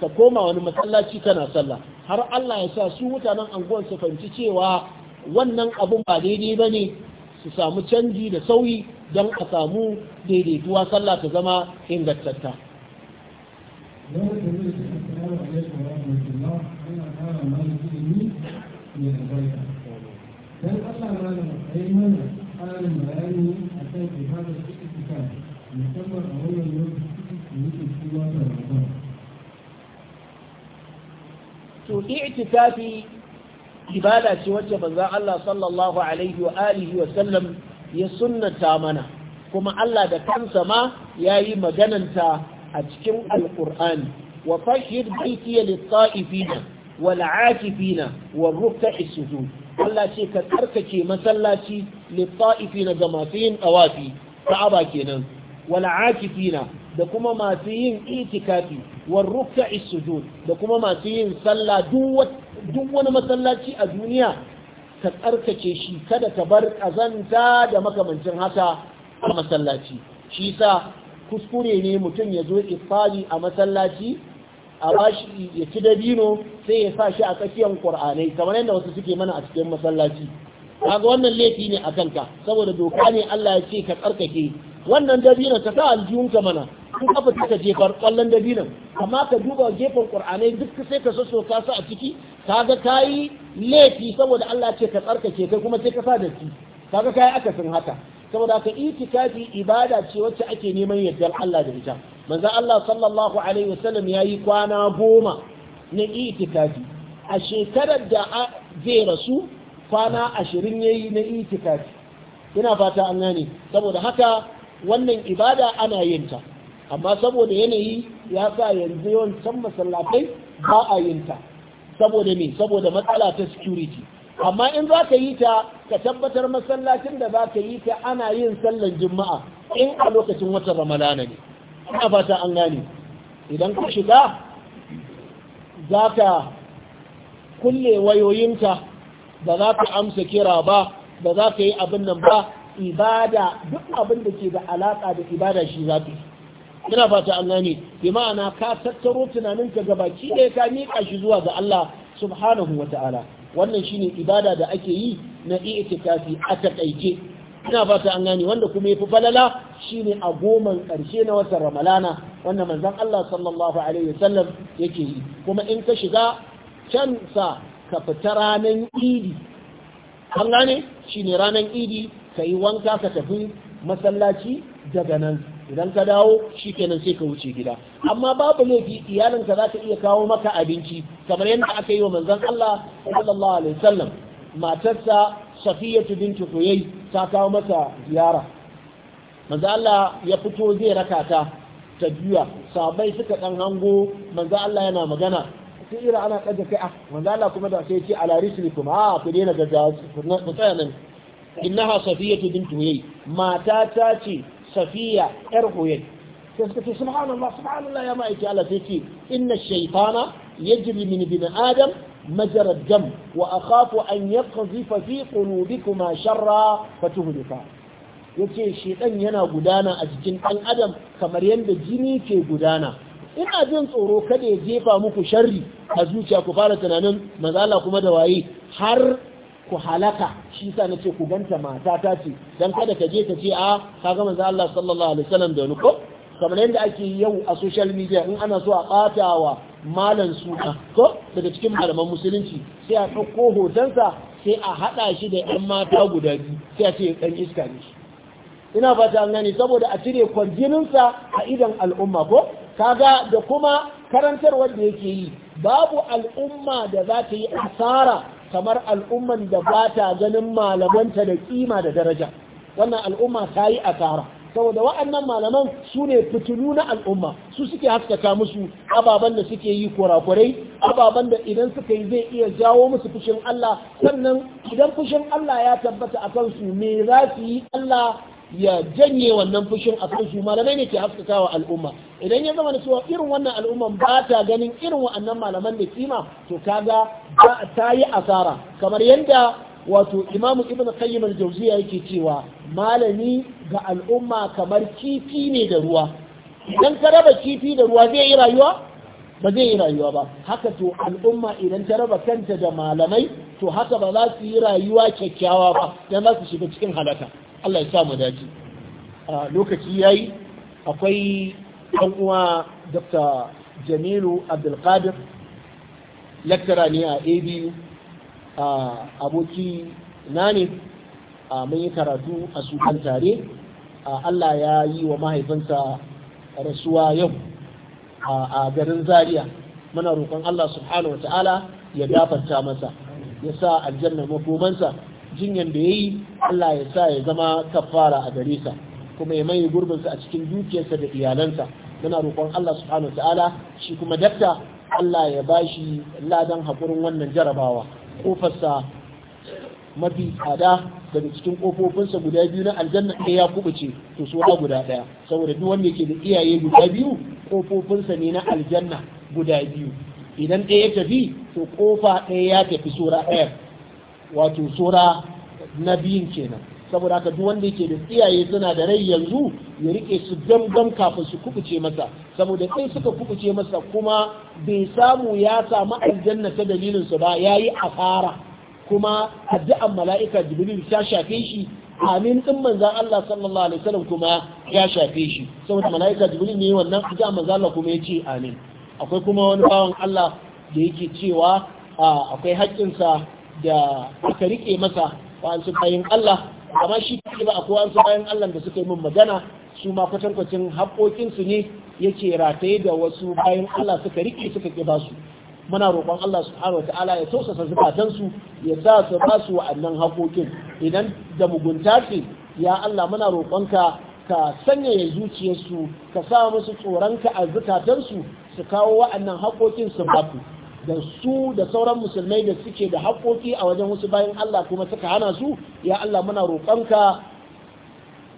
Speaker 1: ka koma wani masallaci kana sallah har Allah ya sa su mutanen anguwan su fahimci cewa wannan abun ba daidai ba ne su samu canji da sauyi don a samu daidaituwa sallah ta zama ingantatta
Speaker 3: Yau da Dan a yi a musamman a wannan da
Speaker 1: To i'tikafi ibada ce wacce banzan Allah sallallahu alaihi wa alihi wa sallam ya sunnata mana kuma Allah da kansa ma yayi magananta a cikin alqur'ani wa fashid baitiya lit-ta'ifina wal-aakifina wa ruki sujud Allah ce ka tsarkake masallaci lit-ta'ifina ga masu yin tawafi ka'aba kenan wal-aakifina da kuma masu yin itikafi wa ruk'i sujud da kuma masu yin sallah duk wani masallaci a duniya ka tsarkake shi kada ka bar kazanta da makamancin haka a masallaci shi sa kuskure ne mutum ya zo ifali a masallaci a bashi ya ci dabino sai ya sa shi a tsakiyar ƙur'anai kamar yadda wasu suke mana a cikin masallaci kaga wannan laifi ne a kanka saboda doka ne Allah ya ce ka tsarkake wannan dabino ta sa aljihunka mana kun kafa taka jefar kwallon dabino. amma ka duba gefen ƙur'anai duk sai ka so ka sa a ciki kaga kayi laifi saboda Allah ya ce ka tsarkake kai kuma sai ka sa datti kaga kai akasin haka saboda ka itikafi ibada ce wacce ake neman yardar Allah da ita manzo Allah sallallahu alaihi wasallam yayi kwana goma na itikafi a shekarar da zai rasu kwana ashirin yayi na itikafi ina fata an gane saboda haka wannan ibada ana yin ta amma saboda yanayi ya sa yanzu yawan can masallatai ba a yin ta saboda me saboda matsala ta security amma in za ka yi ta ka tabbatar masallacin da za ka yi ta ana yin sallan juma'a in a lokacin watan ramadana ne ina fata an gane idan ka shiga za ka kulle wayoyinta ba za ka amsa kira ba ba za ka yi abin nan ba ibada duk abin da ke da alaƙa da ibada shi za ka yi ina fata an gane bi ma'ana ka tattaro tunaninka gabaki ne, ka miƙa shi zuwa ga Allah subhanahu wa ta'ala wannan shine ibada da ake yi na i'tikafi a takaice ina fata an gane wanda kuma yafi falala shine a goman karshe na watan ramalana wanda manzon Allah sallallahu alaihi wasallam yake yi kuma in ka shiga can sa ka fita ranan idi an gane shine ranan idi ka yi wanka ka tafi masallaci daga nan idan ka dawo shi kenan sai ka wuce gida amma babu laifi iyalinka za ta iya kawo maka abinci kamar yadda aka yi wa manzon Allah sallallahu alaihi wasallam matarsa Safiyatu bintu Huyay ta kawo masa ziyara manzon Allah ya fito zai rakata ta ta biya sabai suka dan hango manzon Allah yana magana sai ira ana kaje kai ah manzon Allah kuma da sai ya ce ala rislikum ah ku daina gaggawa ku tsaya nan innaha safiyatu bintu huyay mata ta ce safiya yar huyai sai suka ce subhanallah subhanallah ya ma'aiki Allah sai ce inna shaytana yajri min bin adam مجرى wa وأخاف أن يقذف في قلوبكما شرا فتهلكا yace shedan yana gudana a jikin ɗan adam kamar yadda jini ke gudana ina jin tsoro kada ya jefa muku sharri a zuciya ku fara tunanin mazala kuma da waye har ku halaka shi sa nace ku ganta mata ta ce don kada ka je ka ce a ka ga manzo Allah sallallahu alaihi wasallam da wani ko kamar yadda ake yau a social media in ana so a katawa malan suka ko daga cikin malaman musulunci sai a ɗauko hotonsa sai a haɗa shi da 'yan mata guda biyu sai a ce ɗan iska ne ina fata an gani saboda a cire kwarjininsa a idan al'umma ko kaga da kuma karantar wanda yake yi babu al'umma da za ta yi asara kamar al'umman da ba ta ganin malamanta da kima da daraja wannan al'umma ta yi asara saboda wa'annan malaman su ne fitilu na al'umma su suke haskaka musu ababen da suke yi kurakurai ababen da idan suka yi zai iya jawo musu fushin Allah sannan idan fushin Allah ya tabbata a kansu me za su yi Allah ya janye wannan fushin a kan shi malamai ne ke haskakawa al'umma idan ya zama da cewa irin wannan al'umman ba ta ganin irin wa'annan malaman da kima to kaga ta yi asara kamar yadda wato imamu ibn qayyim al-jawziya yake cewa malami ga al'umma kamar kifi ne da ruwa idan ka raba kifi da ruwa zai yi rayuwa ba zai yi rayuwa ba haka to al'umma idan ta raba kanta da malamai to haka ba za su yi rayuwa kyakkyawa ba dan za su shiga cikin halaka Allah ya sa mu dace lokaci yayi akwai ɗan uwa Dr. Jamilu Abdulkadir lecturer ne a ABU aboki na ne mun yi karatu a sukan tare a Allah ya yi wa mahaifinsa rasuwa yau a garin Zaria muna roƙon Allah subhanahu wa ta'ala ya gafarta masa ya sa aljanna makomansa jinyan da ya yi, Allah ya sa ya zama kafara a gare sa kuma ya mai gurbin a cikin dukiyarsa da iyalansa muna roƙon Allah subhanahu wataala shi kuma dafta Allah ya bashi ladan hakurin wannan jarabawa kofarsa mafi tsada daga cikin kofofinsa guda biyu na aljanna ɗaya ya kubuce to sura guda ɗaya saboda duk wanda yake da iyaye guda biyu kofofinsa ne na aljanna guda biyu idan ɗaya ya tafi to ƙofa ɗaya ya tafi sura ɗaya wato sora na biyun kenan saboda haka duk wanda yake da iyaye suna da rai yanzu ya rike su gamgam kafin su kubuce masa saboda kai suka kubuce masa kuma bai samu ya samu aljanna ta dalilin su ba yayi asara kuma addu'an mala'ika jibril ta shafe shi amin din manzan Allah sallallahu alaihi wasallam kuma ya shafe shi saboda mala'ika jibril ne wannan addu'an manzan Allah kuma ya ce amin akwai kuma wani bawan Allah da yake cewa ah, akwai haƙƙinsa da aka rike masa wa'ansu bayin Allah amma shi ba a kowansu bayan Allah da suka yi min magana su ma kwatankwacin haƙoƙinsu ne yake rataye da wasu bayan Allah suka rike suka ƙi ba su muna roƙon Allah subhanahu ala ya tausasa zukatansu ya sa su ba su wa'annan haƙoƙin idan da mugunta ce ya Allah muna roƙonka ka sanyaya zuciyarsu ka sa musu tsoronka a zukatansu su kawo wa'annan haƙoƙin su baku da su da sauran musulmai da suke da haƙoƙi a wajen wasu bayan Allah kuma suka hana su ya Allah muna roƙonka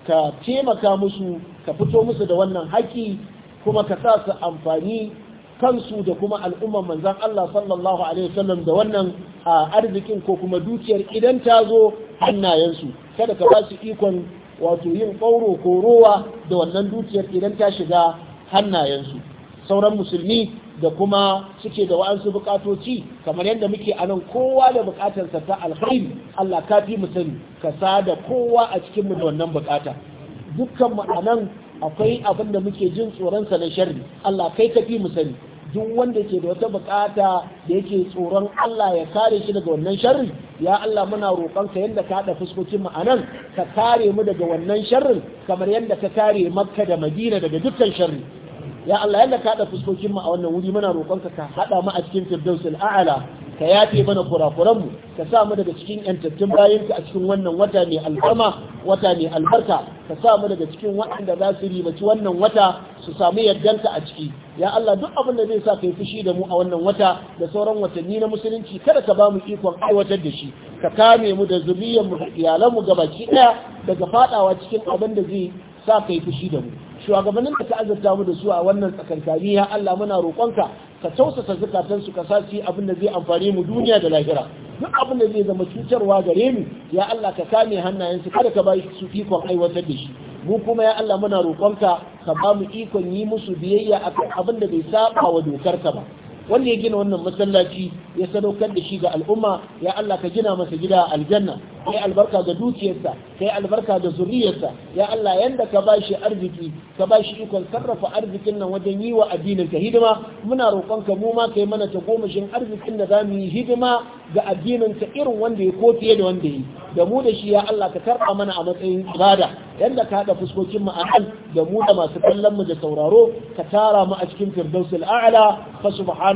Speaker 1: ka taimaka musu ka fito musu da wannan haƙi kuma ka sa su amfani kansu da kuma al'umman manzan Allah sallallahu alaihi wasallam da wannan arzikin ko kuma dukiyar idan ta zo hannayensu kada ka ba su ikon wato yin ƙauro ko rowa da wannan dukiyar idan ta shiga hannayensu sauran musulmi da kuma suke da wa'ansu bukatoci kamar yadda muke anan kowa da bukatarsa ta alkhairi Allah ka fi mu sani ka sa da kowa a cikin da wannan bukata dukkan mu anan akwai abin da muke jin tsoron sa na sharri Allah kai ka fi mu sani duk wanda ke da wata bukata da yake tsoron Allah ya kare shi daga wannan sharri ya Allah muna roƙon ka yadda ka haɗa fuskokin mu anan ka kare mu daga wannan sharrin kamar yadda ka kare Makka da Madina daga dukkan sharri ya Allah yadda ka haɗa fuskokin mu a wannan wuri muna roƙonka ka haɗa mu a cikin firdausul a'ala ka yafe mana kurakuran mu ka sa mu daga cikin yantattun bayanka a cikin wannan wata mai alfarma wata mai albarka ka sa mu daga cikin waɗanda za su ribaci wannan wata su samu yardanka a ciki ya Allah duk abin da zai sa kai fushi da mu a wannan wata da sauran watanni na musulunci kada ka ba mu ikon aiwatar da shi ka kame mu da zuriyar mu da iyalan mu gabaki ɗaya daga faɗawa cikin abin da zai sa kai fushi da mu shugabannin da ka azurta mu da su a wannan tsakankani ya Allah muna roƙonka ka tausasa zukatansu ka sa su abin da zai amfani mu duniya da lahira duk abin da zai zama cutarwa gare mu ya Allah ka kame hannayensu kada ka ba su ikon aiwatar da shi mu kuma ya Allah muna roƙonka ka ba mu ikon yi musu biyayya akan abin da bai saba wa ka ba wanda ya gina wannan masallaci ya sadaukar da shi ga al'umma ya Allah ka gina masa gida aljanna kai albarka ga dukiyarsa kai albarka ga zuriyarsa ya Allah yanda ka bashi arziki ka bashi ikon sarrafa arzikin nan wajen yi wa addinin ka hidima muna roƙon ka mu ma kai mana ta gomashin arzikin da za mu yi hidima ga addinin ka irin wanda ya ko fiye da wanda yi da mu da shi ya Allah ka karɓa mana a matsayin ibada yanda ka haɗa fuskokin mu a da mu da masu kallon mu da sauraro ka tara mu a cikin firdausul a'la fa subhana